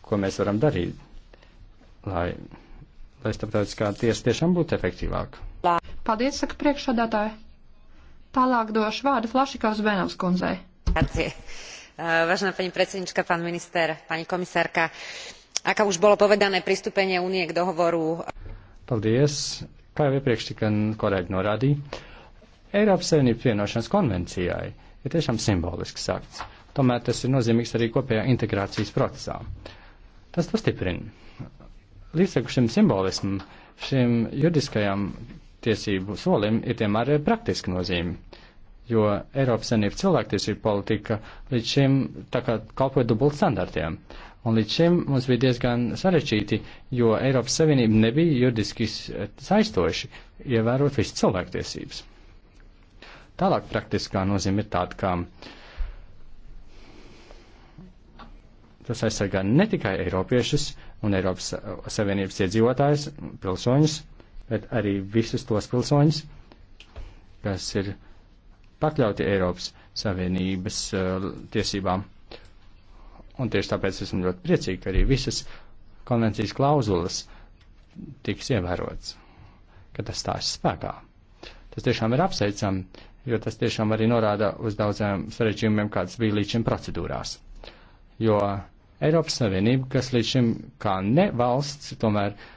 ko mēs varam darīt, lai, lai starptautiskā tiesa tiešām būtu efektīvāka. Paldies, saka priekšsādātāji. Tālāk došu vārdu Flašikovs Benovs kundzei. Eh, vážená pani predsednička, pán minister, pani komisárka, ako už bolo povedané, pristúpenie únie k dohovoru. Paldies. Kā jau iepriekš tika kolēģi norādīja, Eiropas Savienības vienošanas konvencijai ir tiešām simbolisks akts. Tomēr tas ir nozīmīgs arī kopējā integrācijas procesā. Tas to stiprina. Līdz ar šim simbolismam, šim juridiskajam tiesību solim ir vienmēr eh, praktiska nozīme. Jo Eiropas Savienība cilvēktiesību politika līdz šim tā kā kalpoja dubult standartiem. Un līdz šim mums bija diezgan sarežģīti, jo Eiropas Savienība nebija juridiski eh, saistoši ievērot visas cilvēktiesības. Tālāk praktiskā nozīme ir tāda, ka tas aizsargā ne tikai Eiropiešus un Eiropas Savienības iedzīvotājus, pilsoņus, bet arī visus tos pilsoņus, kas ir pakļauti Eiropas Savienības uh, tiesībām. Un tieši tāpēc esmu ļoti priecīgi, ka arī visas konvencijas klauzulas tiks ievērots, ka tas stāsts spēkā. Tas tiešām ir apsveicami, jo tas tiešām arī norāda uz daudziem sarežģījumiem, kāds bija līdz šim procedūrās. Jo Eiropas Savienība, kas līdz šim kā ne valsts, tomēr uh,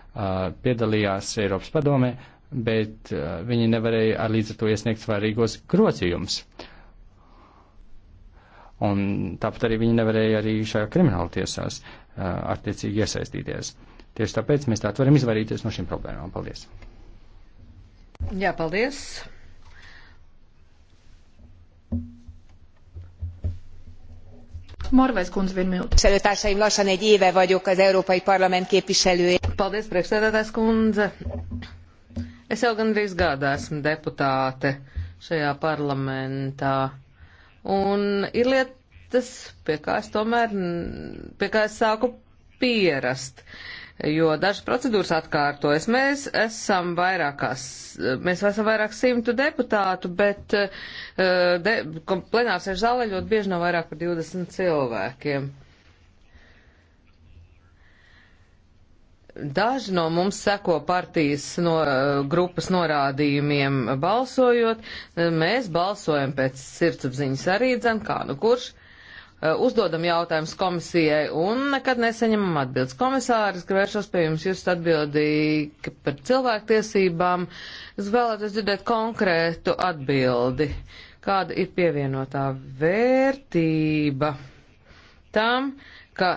piedalījās Eiropas padomē, bet viņi nevarēja ar līdz ar to iesniegt svarīgos grozījumus. Un tāpat arī viņi nevarēja arī šajā krimināla tiesās attiecīgi iesaistīties. Tieši tāpēc mēs tā varam izvairīties no šīm problēmām. Paldies! Jā, paldies! Morvais kundze, vienu minūti. Képviselőtársaim, lassan egy éve vagyok az Európai Parlament képviselője. Paldies, priekšsēdētājs kundze. Es jau gandrīz gadu esmu deputāte šajā parlamentā. Un ir lietas, pie kā es tomēr, pie kā es sāku pierast. Uh, jo dažas procedūras atkārtojas. Mēs esam vairākās, mēs esam vairāk simtu deputātu, bet eh, de, plenārs ir zālē ļoti bieži nav vairāk par 20 cilvēkiem. Daži no mums seko partijas no, eh, grupas norādījumiem balsojot. Mēs balsojam pēc sirdsapziņas arī dzem, kā nu kurš. Uh, Eh, uzdodam jautājumus komisijai un nekad neseņemam atbildes. Komisāris, ka vēršos pie jums, jūs atbildīgi par cilvēktiesībām, es vēlētos dzirdēt konkrētu atbildi. Kāda ir pievienotā vērtība tam, ka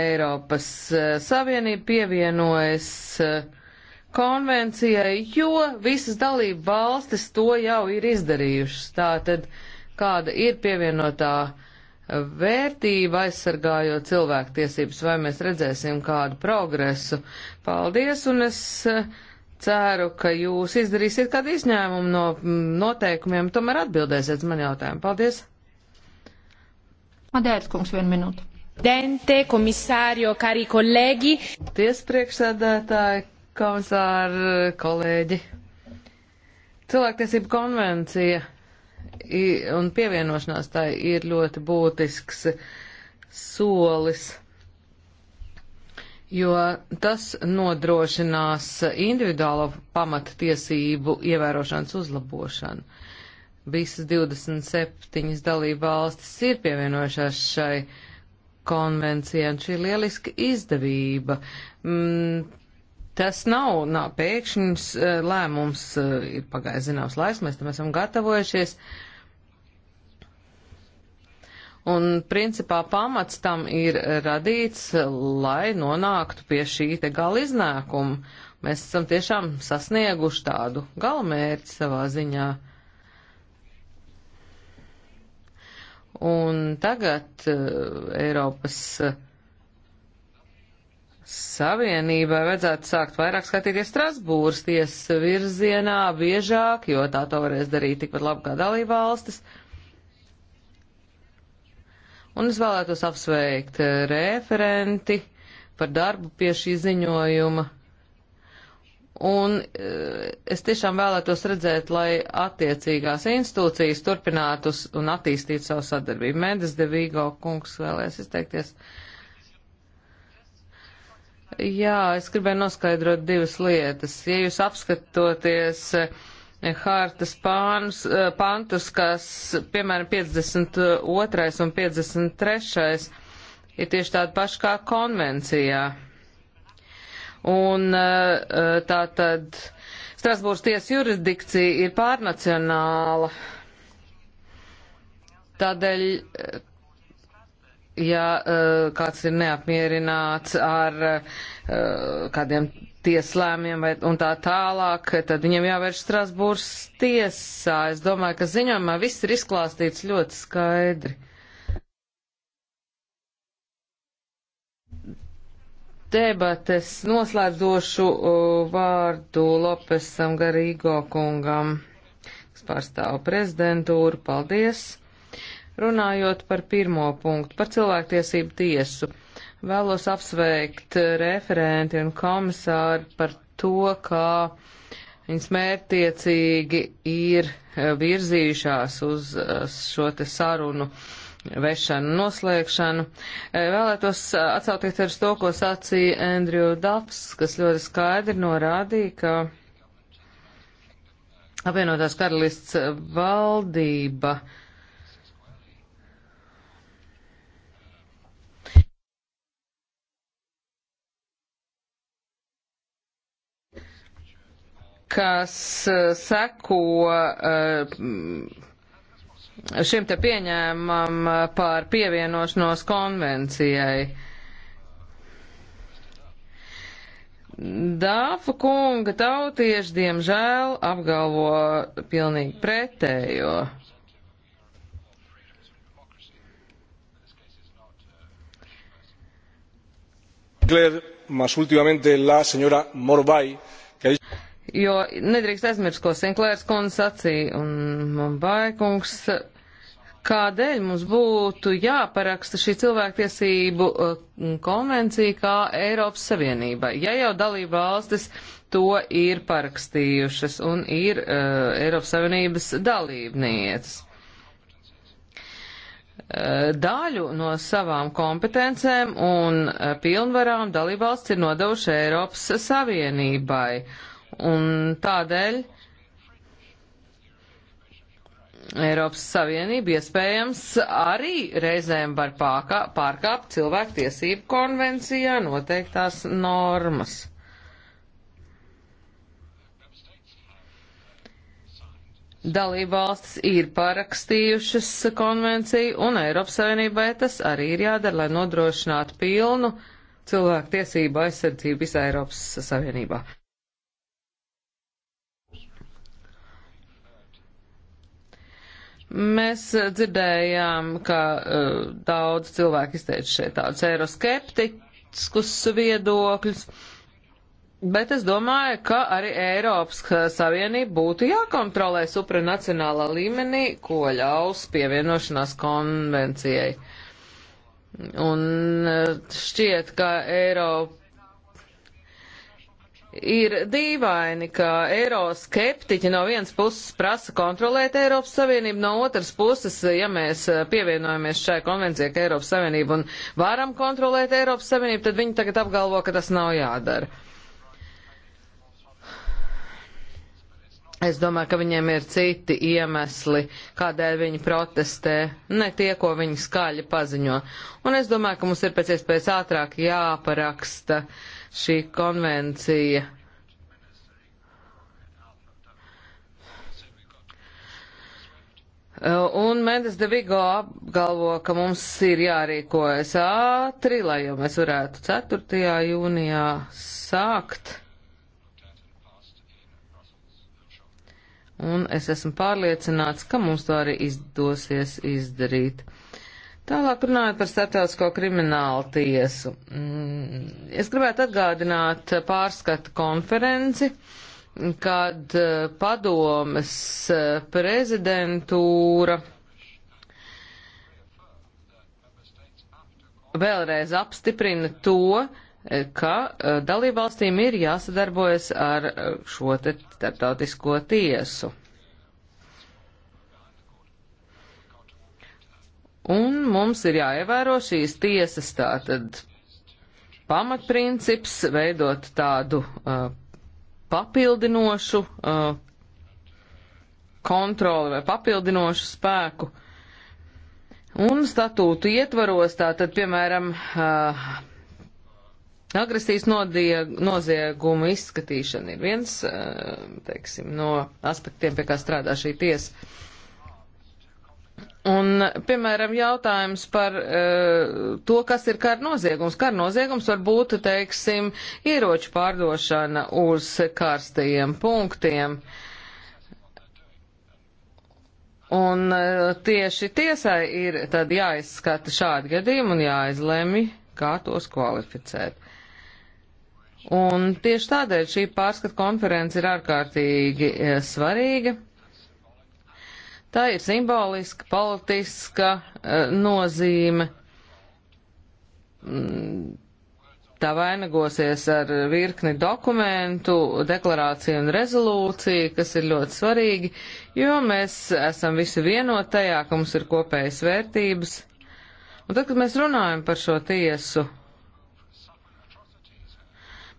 Eiropas eh, Savienība pievienojas eh, konvencijai, jo visas dalība valstis to jau ir izdarījušas. Tātad, kāda ir pievienotā vērtība aizsargājot cilvēktiesības, vai mēs redzēsim kādu progresu. Paldies, un es eh, ceru, ka jūs izdarīsiet kādu izņēmumu no mm, noteikumiem, tomēr atbildēsiet man jautājumu. Paldies! Madērs kungs, vienu minūtu. Dente, komisārio, kari kolēģi. Tiespriekšsēdētāji, komisāri, kolēģi. Cilvēktiesība konvencija un pievienošanās tai ir ļoti būtisks solis, jo tas nodrošinās individuālo pamattiesību ievērošanas uzlabošanu. Visas 27 dalība valstis ir pievienojušās šai konvencijai, un šī ir lieliska izdevība. Mm, Tas nav, nav pēkšņs eh, lēmums, eh, ir pagājis zināms laiks, mēs tam esam gatavojušies. Un principā pamats tam ir radīts, eh, lai nonāktu pie šī te gala iznākuma. Mēs esam tiešām sasnieguši tādu galamērķi savā ziņā. Un tagad uh, Eiropas uh, Savienībai vajadzētu sākt vairāk skatīties Strasbūras tiesas virzienā biežāk, jo tā to varēs darīt tikpat labi kā dalībvalstis. Un es vēlētos apsveikt eh, referenti par darbu pie šī ziņojuma. Un eh, es tiešām vēlētos redzēt, lai attiecīgās institūcijas turpinātu un attīstītu savu sadarbību. Mendes de Vigo kungs vēlēs izteikties. Uh, Jā, es gribēju noskaidrot divas lietas. Ja jūs apskatoties eh, hartas pānus, eh, pantus, kas, piemēram, 52. un 53. ir tieši tādi paši kā konvencijā. Un eh, tā tad Strasbūras tiesa jurisdikcija ir pārnacionāla. Tādēļ ja eh, kāds ir neapmierināts ar eh, kādiem tieslēmiem vai, un tā tālāk, tad viņiem jāvērš Strasbūras tiesā. Es domāju, ka ziņojumā viss ir izklāstīts ļoti skaidri. Debates noslēdzošu eh, vārdu Lopesam Garīgo kungam, kas pārstāv prezidentūru. Paldies! Runājot par pirmo punktu, par cilvēktiesību tiesu, vēlos apsveikt referenti un komisāru par to, kā viņas mērtiecīgi ir eh, virzījušās uz eh, šo te sarunu vešanu noslēgšanu. Eh, vēlētos atsauties ar to, ko sacīja Andrew Dafs, kas ļoti skaidri norādīja, ka apvienotās karalists valdība uh, kas eh, seko eh, šim te pieņēmam eh, par pievienošanos konvencijai. Dāfa kunga tautieši, diemžēl, apgalvo pilnīgi pretējo. Clear, más últimamente la señora Morvai, que ha dicho jo nedrīkst aizmirst, ko Sinklērs kundze sacīja, un man baikungs, kādēļ mums būtu jāparaksta šī cilvēktiesību eh, konvencija kā Eiropas Savienība, ja jau dalība valstis to ir parakstījušas un ir uh, Eiropas Savienības dalībnieces eh, daļu no savām kompetencēm un pilnvarām dalībvalsts ir nodevuši Eiropas Savienībai. Un tādēļ Eiropas Savienība iespējams arī reizēm var pārkā, pārkāpt cilvēktiesību konvencijā noteiktās normas. Dalībvalstis ir parakstījušas konvenciju, un Eiropas Savienībai tas arī ir jādara, lai nodrošinātu pilnu cilvēku tiesību aizsardzību visā Eiropas Savienībā. Mēs eh, dzirdējām, ka uh, daudz cilvēku izteica šeit tādus eiroskeptiskus viedokļus, bet es domāju, ka arī Eiropas eh, Savienība būtu jākontrolē supranacionālā līmenī, ko ļaus pievienošanās konvencijai. Un uh, šķiet, ka Eiropa ir dīvaini, ka eiroskeptiķi no vienas puses prasa kontrolēt Eiropas Savienību, no otras puses, ja mēs eh, pievienojamies šai konvencijai, ka Eiropas Savienība un varam kontrolēt Eiropas Savienību, tad viņi tagad apgalvo, ka tas nav jādara. Es domāju, ka viņiem ir citi iemesli, kādēļ viņi protestē, ne tie, ko viņi skaļi paziņo. Un es domāju, ka mums ir pēc iespējas ātrāk jāparaksta uh, šī konvencija. Un Mendes de Vigo apgalvo, ka mums ir jārīkojas ātri, lai jau mēs varētu 4. jūnijā sākt. Un es esmu pārliecināts, ka mums to arī izdosies izdarīt. Tālāk runājot par starptautisko kriminālu tiesu. Mm, es gribētu atgādināt pārskatu konferenci, kad eh, padomes eh, prezidentūra vēlreiz apstiprina to, eh, ka dalībvalstīm ir jāsadarbojas ar šo te starptautisko tiesu. Un mums ir jāievēro šīs tiesas tātad pamatprincips veidot tādu uh, papildinošu uh, kontroli vai papildinošu spēku. Un statūtu ietvaros, tātad, piemēram, uh, agresijas noziegumu izskatīšana ir viens, uh, teiksim, no aspektiem, pie kā strādā šī tiesa. Un, piemēram, jautājums par uh, to, kas ir kara noziegums. Kara noziegums var būt, teiksim, ieroču pārdošana uz karstajiem punktiem. Un uh, tieši tiesai ir tad jāizskata šādi gadījumi un jāizlemj, kā tos kvalificēt. Un tieši tādēļ šī pārskata konference ir ārkārtīgi uh, svarīga. Tā ir simboliska, politiska eh, nozīme. Mm, tā vainagosies ar virkni dokumentu, deklarāciju un rezolūciju, kas ir ļoti svarīgi, jo mēs esam visi vienot tajā, ka mums ir kopējas vērtības. Un tad, kad mēs runājam par šo tiesu,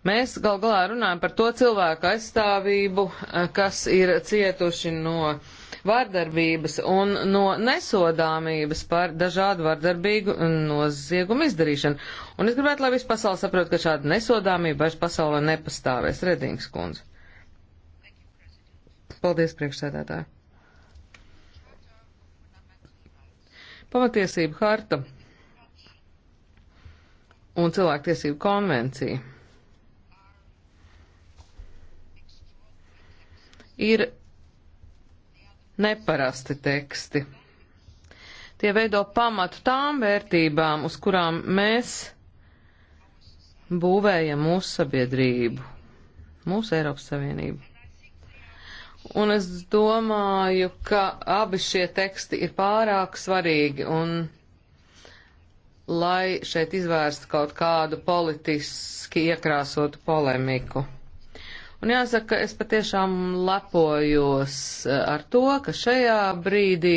mēs gal galā runājam par to cilvēku aizstāvību, eh, kas ir cietuši no uh, vardarbības un no nesodāmības par dažādu vardarbīgu noziegumu izdarīšanu. Un es gribētu, lai viss pasauli saprot, ka šāda nesodāmība vairs pasaulē nepastāvēs. Redings kundze. Paldies, priekšsēdētāji. Pamatiesība harta un cilvēktiesību konvencija ir neparasti teksti. Tie veido pamatu tām vērtībām, uz kurām mēs būvējam mūsu sabiedrību, mūsu Eiropas Savienību. Un es domāju, ka abi šie teksti ir pārāk svarīgi, un lai šeit izvērst kaut kādu politiski iekrāsotu polemiku. Un jāsaka, es patiešām lepojos eh, ar to, ka šajā brīdī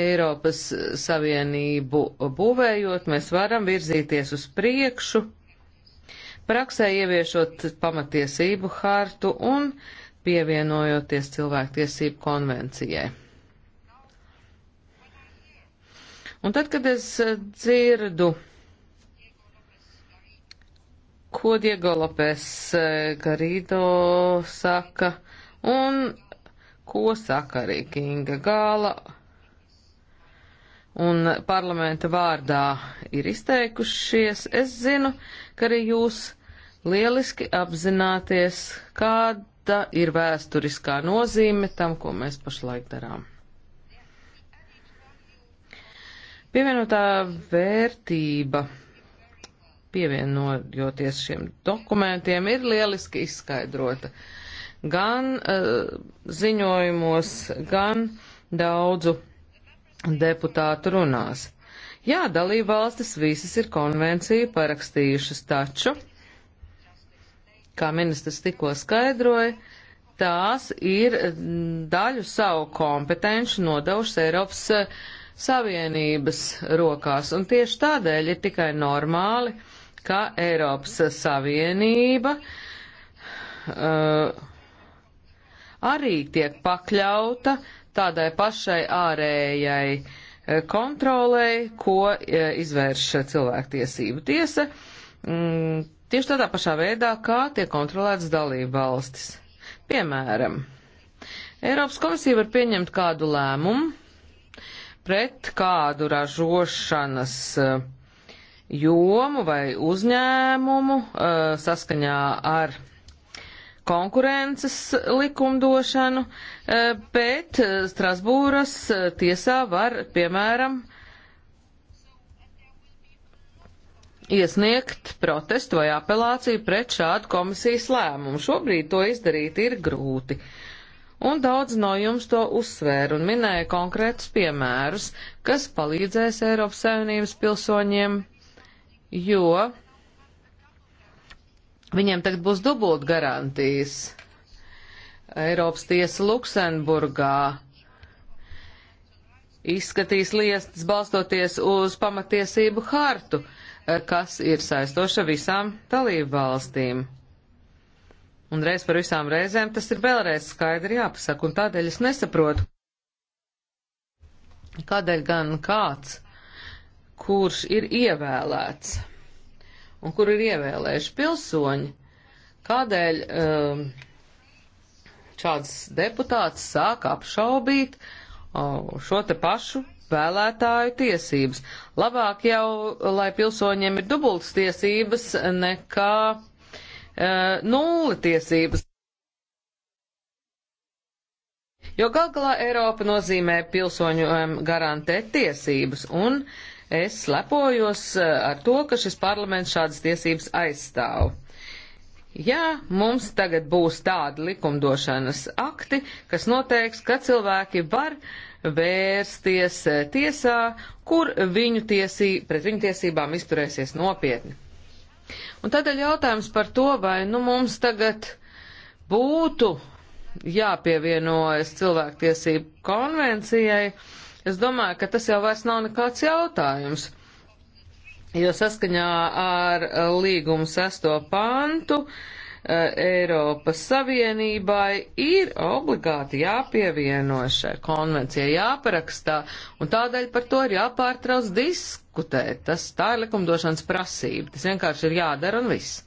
Eiropas Savienību būvējot, mēs varam virzīties uz priekšu, praksē ieviešot pamatiesību hartu un pievienojoties cilvēktiesību konvencijai. Un tad, kad es dzirdu ko Diego Lopes eh, Garīdo saka un ko saka arī Kinga Gāla. Un parlamenta vārdā ir izteikušies. Es zinu, ka arī jūs lieliski apzināties, kāda ir vēsturiskā nozīme tam, ko mēs pašlaik darām. Pievienotā vērtība pievienojoties šiem dokumentiem, ir lieliski izskaidrota gan uh, ziņojumos, gan daudzu deputātu runās. Jā, dalība valstis visas ir konvenciju parakstījušas, taču, kā ministrs tikko skaidroja, tās ir daļu savu kompetenci nodevušas Eiropas eh, Savienības rokās, un tieši tādēļ ir tikai normāli, uh, ka Eiropas Savienība uh, arī tiek pakļauta tādai pašai ārējai uh, kontrolei, ko uh, izvērš cilvēktiesību tiesa, mm, tieši tādā pašā veidā, kā tiek kontrolēts dalību valstis. Piemēram, Eiropas komisija var pieņemt kādu lēmumu pret kādu ražošanas uh, jomu vai uzņēmumu eh, saskaņā ar konkurences likumdošanu, eh, bet eh, Strasbūras tiesā var, piemēram, iesniegt protestu vai apelāciju pret šādu komisijas lēmumu. Šobrīd to izdarīt ir grūti. Un daudz no jums to uzsvēra un minēja konkrētus piemērus, kas palīdzēs Eiropas Savienības pilsoņiem jo viņiem tagad būs dubult garantijas. Eiropas tiesa Luksemburgā izskatīs liestas balstoties uz pamatiesību hartu, kas ir saistoša visām dalību valstīm. Un reiz par visām reizēm tas ir vēlreiz skaidri jāpasaka, un tādēļ es nesaprotu, kādēļ gan kāds kurš ir ievēlēts un kur ir ievēlējuši pilsoņi, kādēļ um, šāds deputāts sāk apšaubīt oh, šo te pašu vēlētāju tiesības. Labāk jau, lai pilsoņiem ir dubultas tiesības nekā uh, nulli tiesības. Jo gal galā Eiropa nozīmē pilsoņu um, garantēt tiesības, un uh, Es lepojos eh, ar to, ka šis parlaments šādas tiesības aizstāv. Jā, mums tagad būs tādi likumdošanas akti, kas noteiks, ka cilvēki var vērsties eh, tiesā, kur viņu tiesī, pret viņu tiesībām izturēsies nopietni. Un tādēļ jautājums par to, vai nu mums tagad būtu jāpievienojas cilvēktiesību konvencijai, uh, Es domāju, ka tas jau vairs nav nekāds jautājums, jo saskaņā ar eh, līgumu sesto pantu eh, Eiropas Savienībai ir obligāti jāpievieno šai konvencijai, jāparakstā, un tādēļ par to ir jāpārtrauc diskutēt. Tas tā ir likumdošanas prasība. Tas vienkārši ir jādara un viss.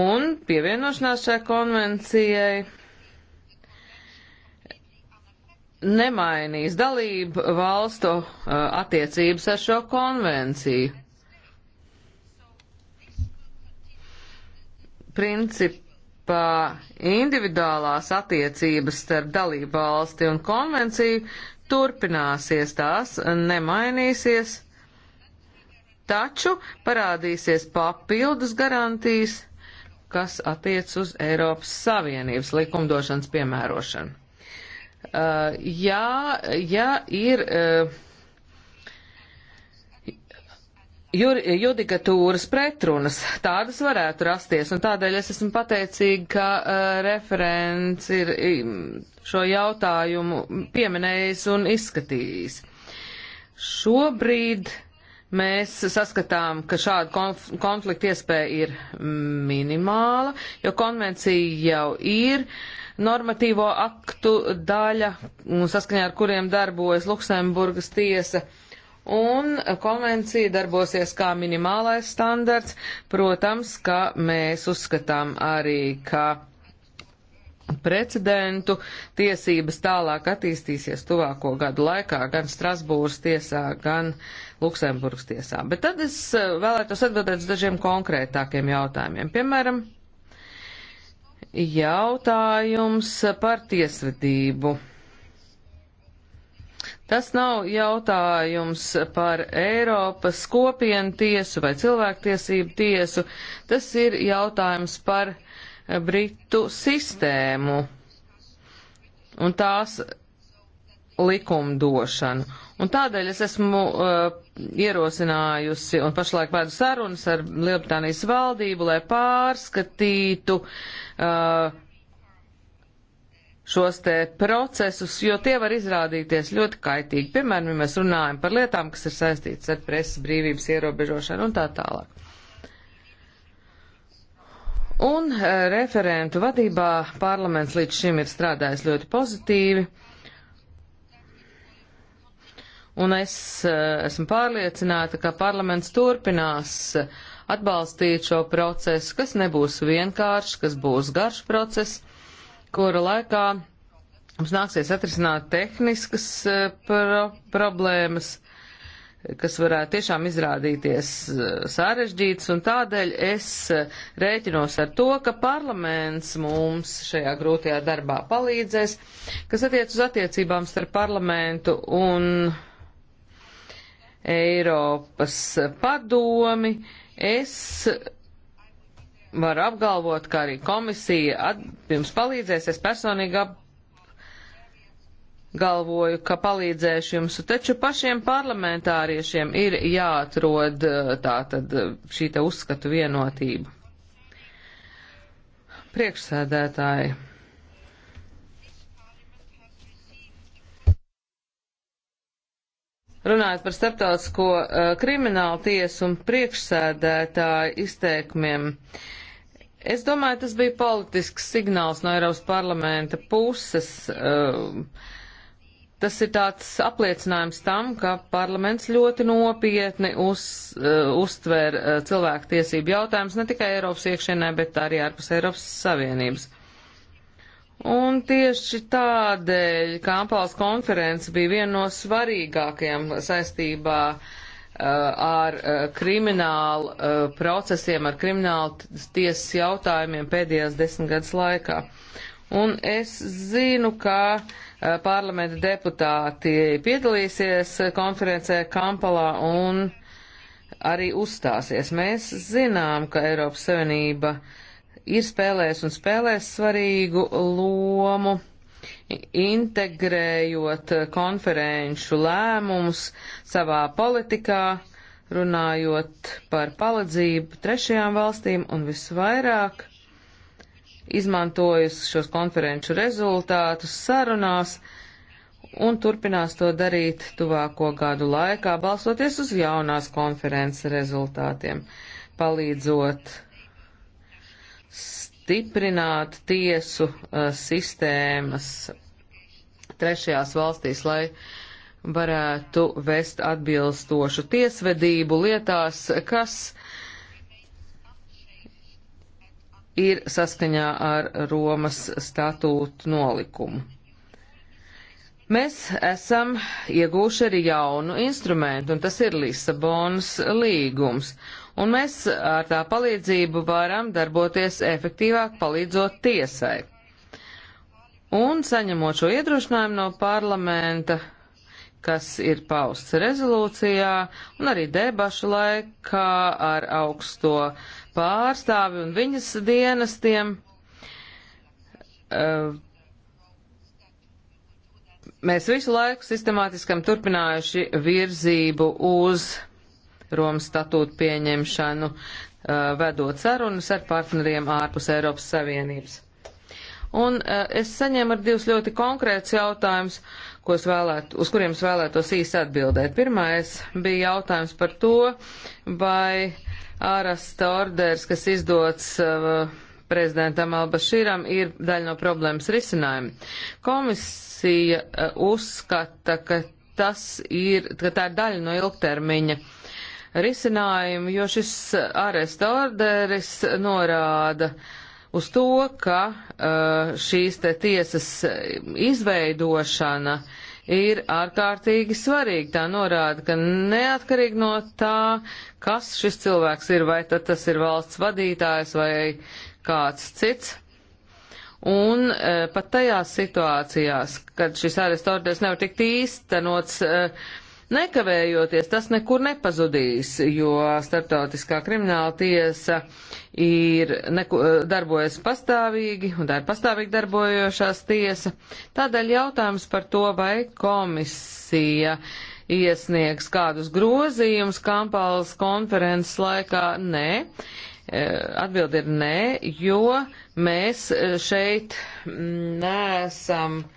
Un pievienošanās šai konvencijai nemainīs dalību valstu uh, attiecības ar šo konvenciju. Principā individuālās attiecības starp dalību valsti un konvenciju turpināsies, tās nemainīsies, taču parādīsies papildus garantijas, kas attiec uz Eiropas Savienības likumdošanas piemērošanu. Uh, jā, jā, ir. Uh, Jur, judikatūras pretrunas, tādas varētu rasties, un tādēļ es esmu pateicīga, ka uh, referents ir um, šo jautājumu pieminējis un izskatījis. Šobrīd mēs saskatām, ka šāda konf konflikta iespēja ir minimāla, jo konvencija jau ir. Uh, normatīvo aktu daļa, saskaņā ar kuriem darbojas Luksemburgas tiesa. Un konvencija darbosies kā minimālais standarts. Protams, ka mēs uzskatām arī, ka precedentu. Tiesības tālāk attīstīsies tuvāko gadu laikā gan Strasbūras tiesā, gan Luksemburgas tiesā. Bet tad es eh, vēlētos atbildēt uz dažiem konkrētākiem jautājumiem. Piemēram, Jautājums par tiesvedību. Tas nav jautājums par Eiropas kopienu tiesu vai cilvēktiesību tiesu, tas ir jautājums par Britu sistēmu un tās likumdošanu. Un tādēļ es esmu uh, ierosinājusi un pašlaik vēdu sarunas ar Lielbritānijas valdību, lai pārskatītu uh, šos te procesus, jo tie var izrādīties ļoti kaitīgi. Piemēram, ja mēs runājam par lietām, kas ir saistītas ar presas brīvības ierobežošanu un tā tālāk. Un uh, referentu vadībā parlaments līdz šim ir strādājis ļoti pozitīvi. Uh, un es eh, esmu pārliecināta, ka parlaments turpinās atbalstīt šo procesu, kas nebūs vienkāršs, kas būs garš process, kura laikā mums nāksies atrisināt tehniskas eh, pro problēmas, kas varētu tiešām izrādīties eh, sarežģītas, un tādēļ es rēķinos ar to, ka parlaments mums šajā grūtajā darbā palīdzēs, kas attiec uz attiecībām starp parlamentu un Eiropas padomi, es varu apgalvot, ka arī komisija at, jums palīdzēs. Es personīgi apgalvoju, ka palīdzēšu jums, taču pašiem parlamentāriešiem ir jāatrod eh, tātad eh, šī te uzskatu vienotība. Priekšsēdētāji. Runājot par starptautisko uh, kriminālu tiesu un priekšsēdētāju izteikumiem, es domāju, tas bija politisks signāls no Eiropas parlamenta puses. Uh, tas ir tāds apliecinājums tam, ka parlaments ļoti nopietni uz, uh, uztver uh, cilvēku tiesību jautājumus ne tikai Eiropas iekšienē, bet arī ārpus Eiropas Savienības. Un tieši tādēļ Kampāls konference bija viena no svarīgākajām saistībā uh, ar uh, kriminālu uh, procesiem, ar kriminālu tiesas jautājumiem pēdējās desmit gadus laikā. Un es zinu, ka uh, parlamenta deputāti piedalīsies konferencē Kampalā un arī uzstāsies. Mēs zinām, ka Eiropas Savienība uh, ir spēlējis un spēlēs svarīgu lomu, integrējot konferenču lēmumus savā politikā, runājot par palīdzību trešajām valstīm un visvairāk izmantojis šos konferenču rezultātus sarunās un turpinās to darīt tuvāko gadu laikā, balsoties uz jaunās konferences rezultātiem, palīdzot stiprināt tiesu uh, sistēmas trešajās valstīs, lai varētu vest atbilstošu tiesvedību lietās, kas ir saskaņā ar Romas statūtu nolikumu. Mēs esam iegūši arī jaunu instrumentu, un tas ir Lisabonas līgums un mēs ar tā palīdzību varam darboties efektīvāk, palīdzot tiesai. Un saņemot šo iedrošinājumu no parlamenta, kas ir pausts rezolūcijā un arī debašu laikā ar augsto pārstāvi un viņas dienestiem, uh, mēs visu laiku sistemātiskam turpinājuši virzību uz Romas statūtu pieņemšanu, uh, vedot sarunas ar partneriem ārpus Eiropas Savienības. Un uh, es saņēmu ar divus ļoti konkrētus jautājumus, ko vēlēt, uz kuriem es vēlētos īsi atbildēt. Pirmais bija jautājums par to, vai ārasta orders, kas izdots uh, prezidentam Albašīram, ir daļa no problēmas risinājuma. Komisija uh, uzskata, ka, tas ir, ka tā ir daļa no ilgtermiņa uh, risinājumu, jo šis aresta orderis norāda uz to, ka uh, šīs te tiesas izveidošana ir ārkārtīgi svarīga. Tā norāda, ka neatkarīgi no tā, kas šis cilvēks ir, vai tad tas ir valsts vadītājs vai kāds cits. Un e, pat tajās situācijās, kad šis arestorderis nevar tikt īstenots, e, Nekavējoties tas nekur nepazudīs, jo starptautiskā krimināla tiesa ir neku, darbojas pastāvīgi un tā ir pastāvīgi darbojošās tiesa. Tādēļ jautājums par to, vai komisija iesniegs kādus grozījumus Kampalas konferences laikā, nē. E, atbildi ir nē, jo mēs e, šeit nesam. Mm,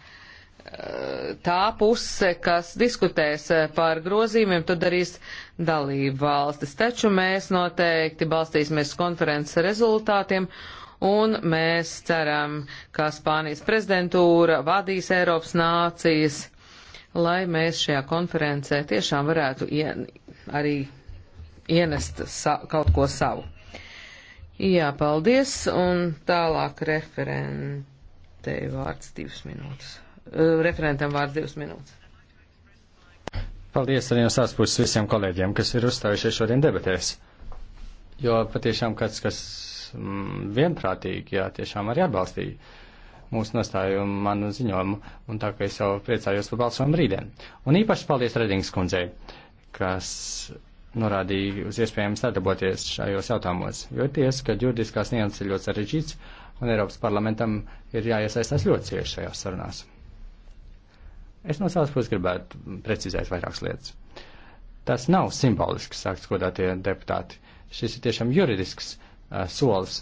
tā puse, kas diskutēs eh, par grozījumiem, to darīs dalību valstis. Taču mēs noteikti balstīsimies konferences rezultātiem un mēs ceram, ka Spānijas prezidentūra vadīs Eiropas nācijas, lai mēs šajā konferencē tiešām varētu ien, arī ienest sa, kaut ko savu. Jā, paldies, un tālāk referentei vārds divas minūtes. Eh, referentam vārds divas minūtes. Paldies arī no savas puses visiem kolēģiem, kas ir uzstājušies šodien debatēs. Jo patiešām kāds, kas mm, vienprātīgi, jā, tiešām arī atbalstīja mūsu nostājumu, manu ziņojumu, un tā kā es jau priecājos par balsojumu rītdien. Un īpaši paldies Redings kundzei, kas norādīja uz iespējām sadarboties šajos jautājumos, jo tiesa, ka juridiskās nianses ir ļoti sarežģīts, un Eiropas parlamentam ir jāiesaistās ļoti cieši šajās sarunās. Es no savas puses gribētu precizēt vairākas lietas. Tas nav simbolisks akts, godātie deputāti. Šis ir tiešām juridisks uh, solis.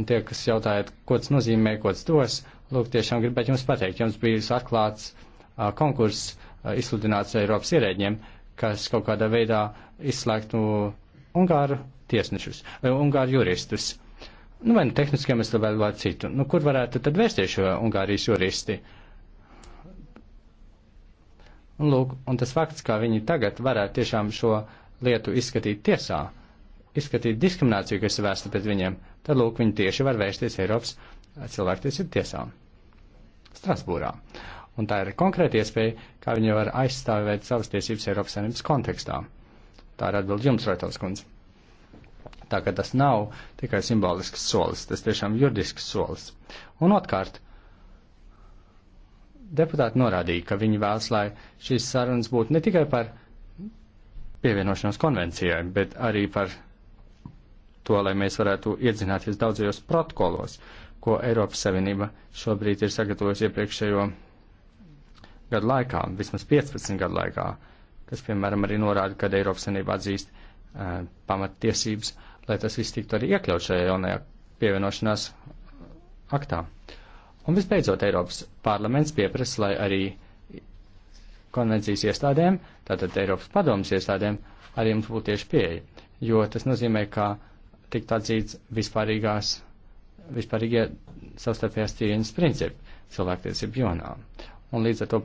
Un tie, kas jautājat, ko tas nozīmē, ko tas dos, lūk, tiešām gribētu jums pateikt. Jums bija atklāts uh, konkurss uh, izsludināts Eiropas ierēģiem, kas kaut kādā veidā izslēgtu Ungāru tiesnešus, uh, Ungāru juristus. Nu, vai nu tehniskiem es vēl vēl citu. Nu, kur varētu tad vērsties šo Ungārijas juristi? Uh, Un, lūk, un tas fakts, ka viņi tagad varētu tiešām šo lietu izskatīt tiesā, izskatīt diskrimināciju, kas ir vērsta pret viņiem, tad, lūk, viņi tieši var vērsties Eiropas cilvēktiesību tiesā Strasbūrā. Un tā ir konkrēta iespēja, kā viņi var aizstāvēt savas tiesības Eiropas Savienības kontekstā. Tā ir atbildi jums, Roitovs kundze. Tā ka tas nav tikai simbolisks solis, tas tiešām juridisks solis. Un otkārt, deputāti norādīja, ka viņi vēlas, lai šīs sarunas būtu ne tikai par pievienošanos konvencijai, bet arī par to, lai mēs varētu iedzināties daudzajos protokolos, ko Eiropas Savienība šobrīd ir sagatavojusi iepriekšējo gadu laikā, vismaz 15 gadu laikā, kas, piemēram, arī norāda, kad Eiropas Savienība atzīst uh, eh, pamattiesības, lai tas viss tiktu arī iekļaut šajā jaunajā pievienošanās aktā. Uh, Un visbeidzot, Eiropas parlaments pieprasa, lai arī konvencijas iestādēm, tātad Eiropas padomas iestādēm, arī mums būtu tieši pieeja, jo tas nozīmē, ka tiktu atzīts vispārīgās, vispārīgie savstarpējās cīņas principi cilvēktiesību jonā. Un līdz ar to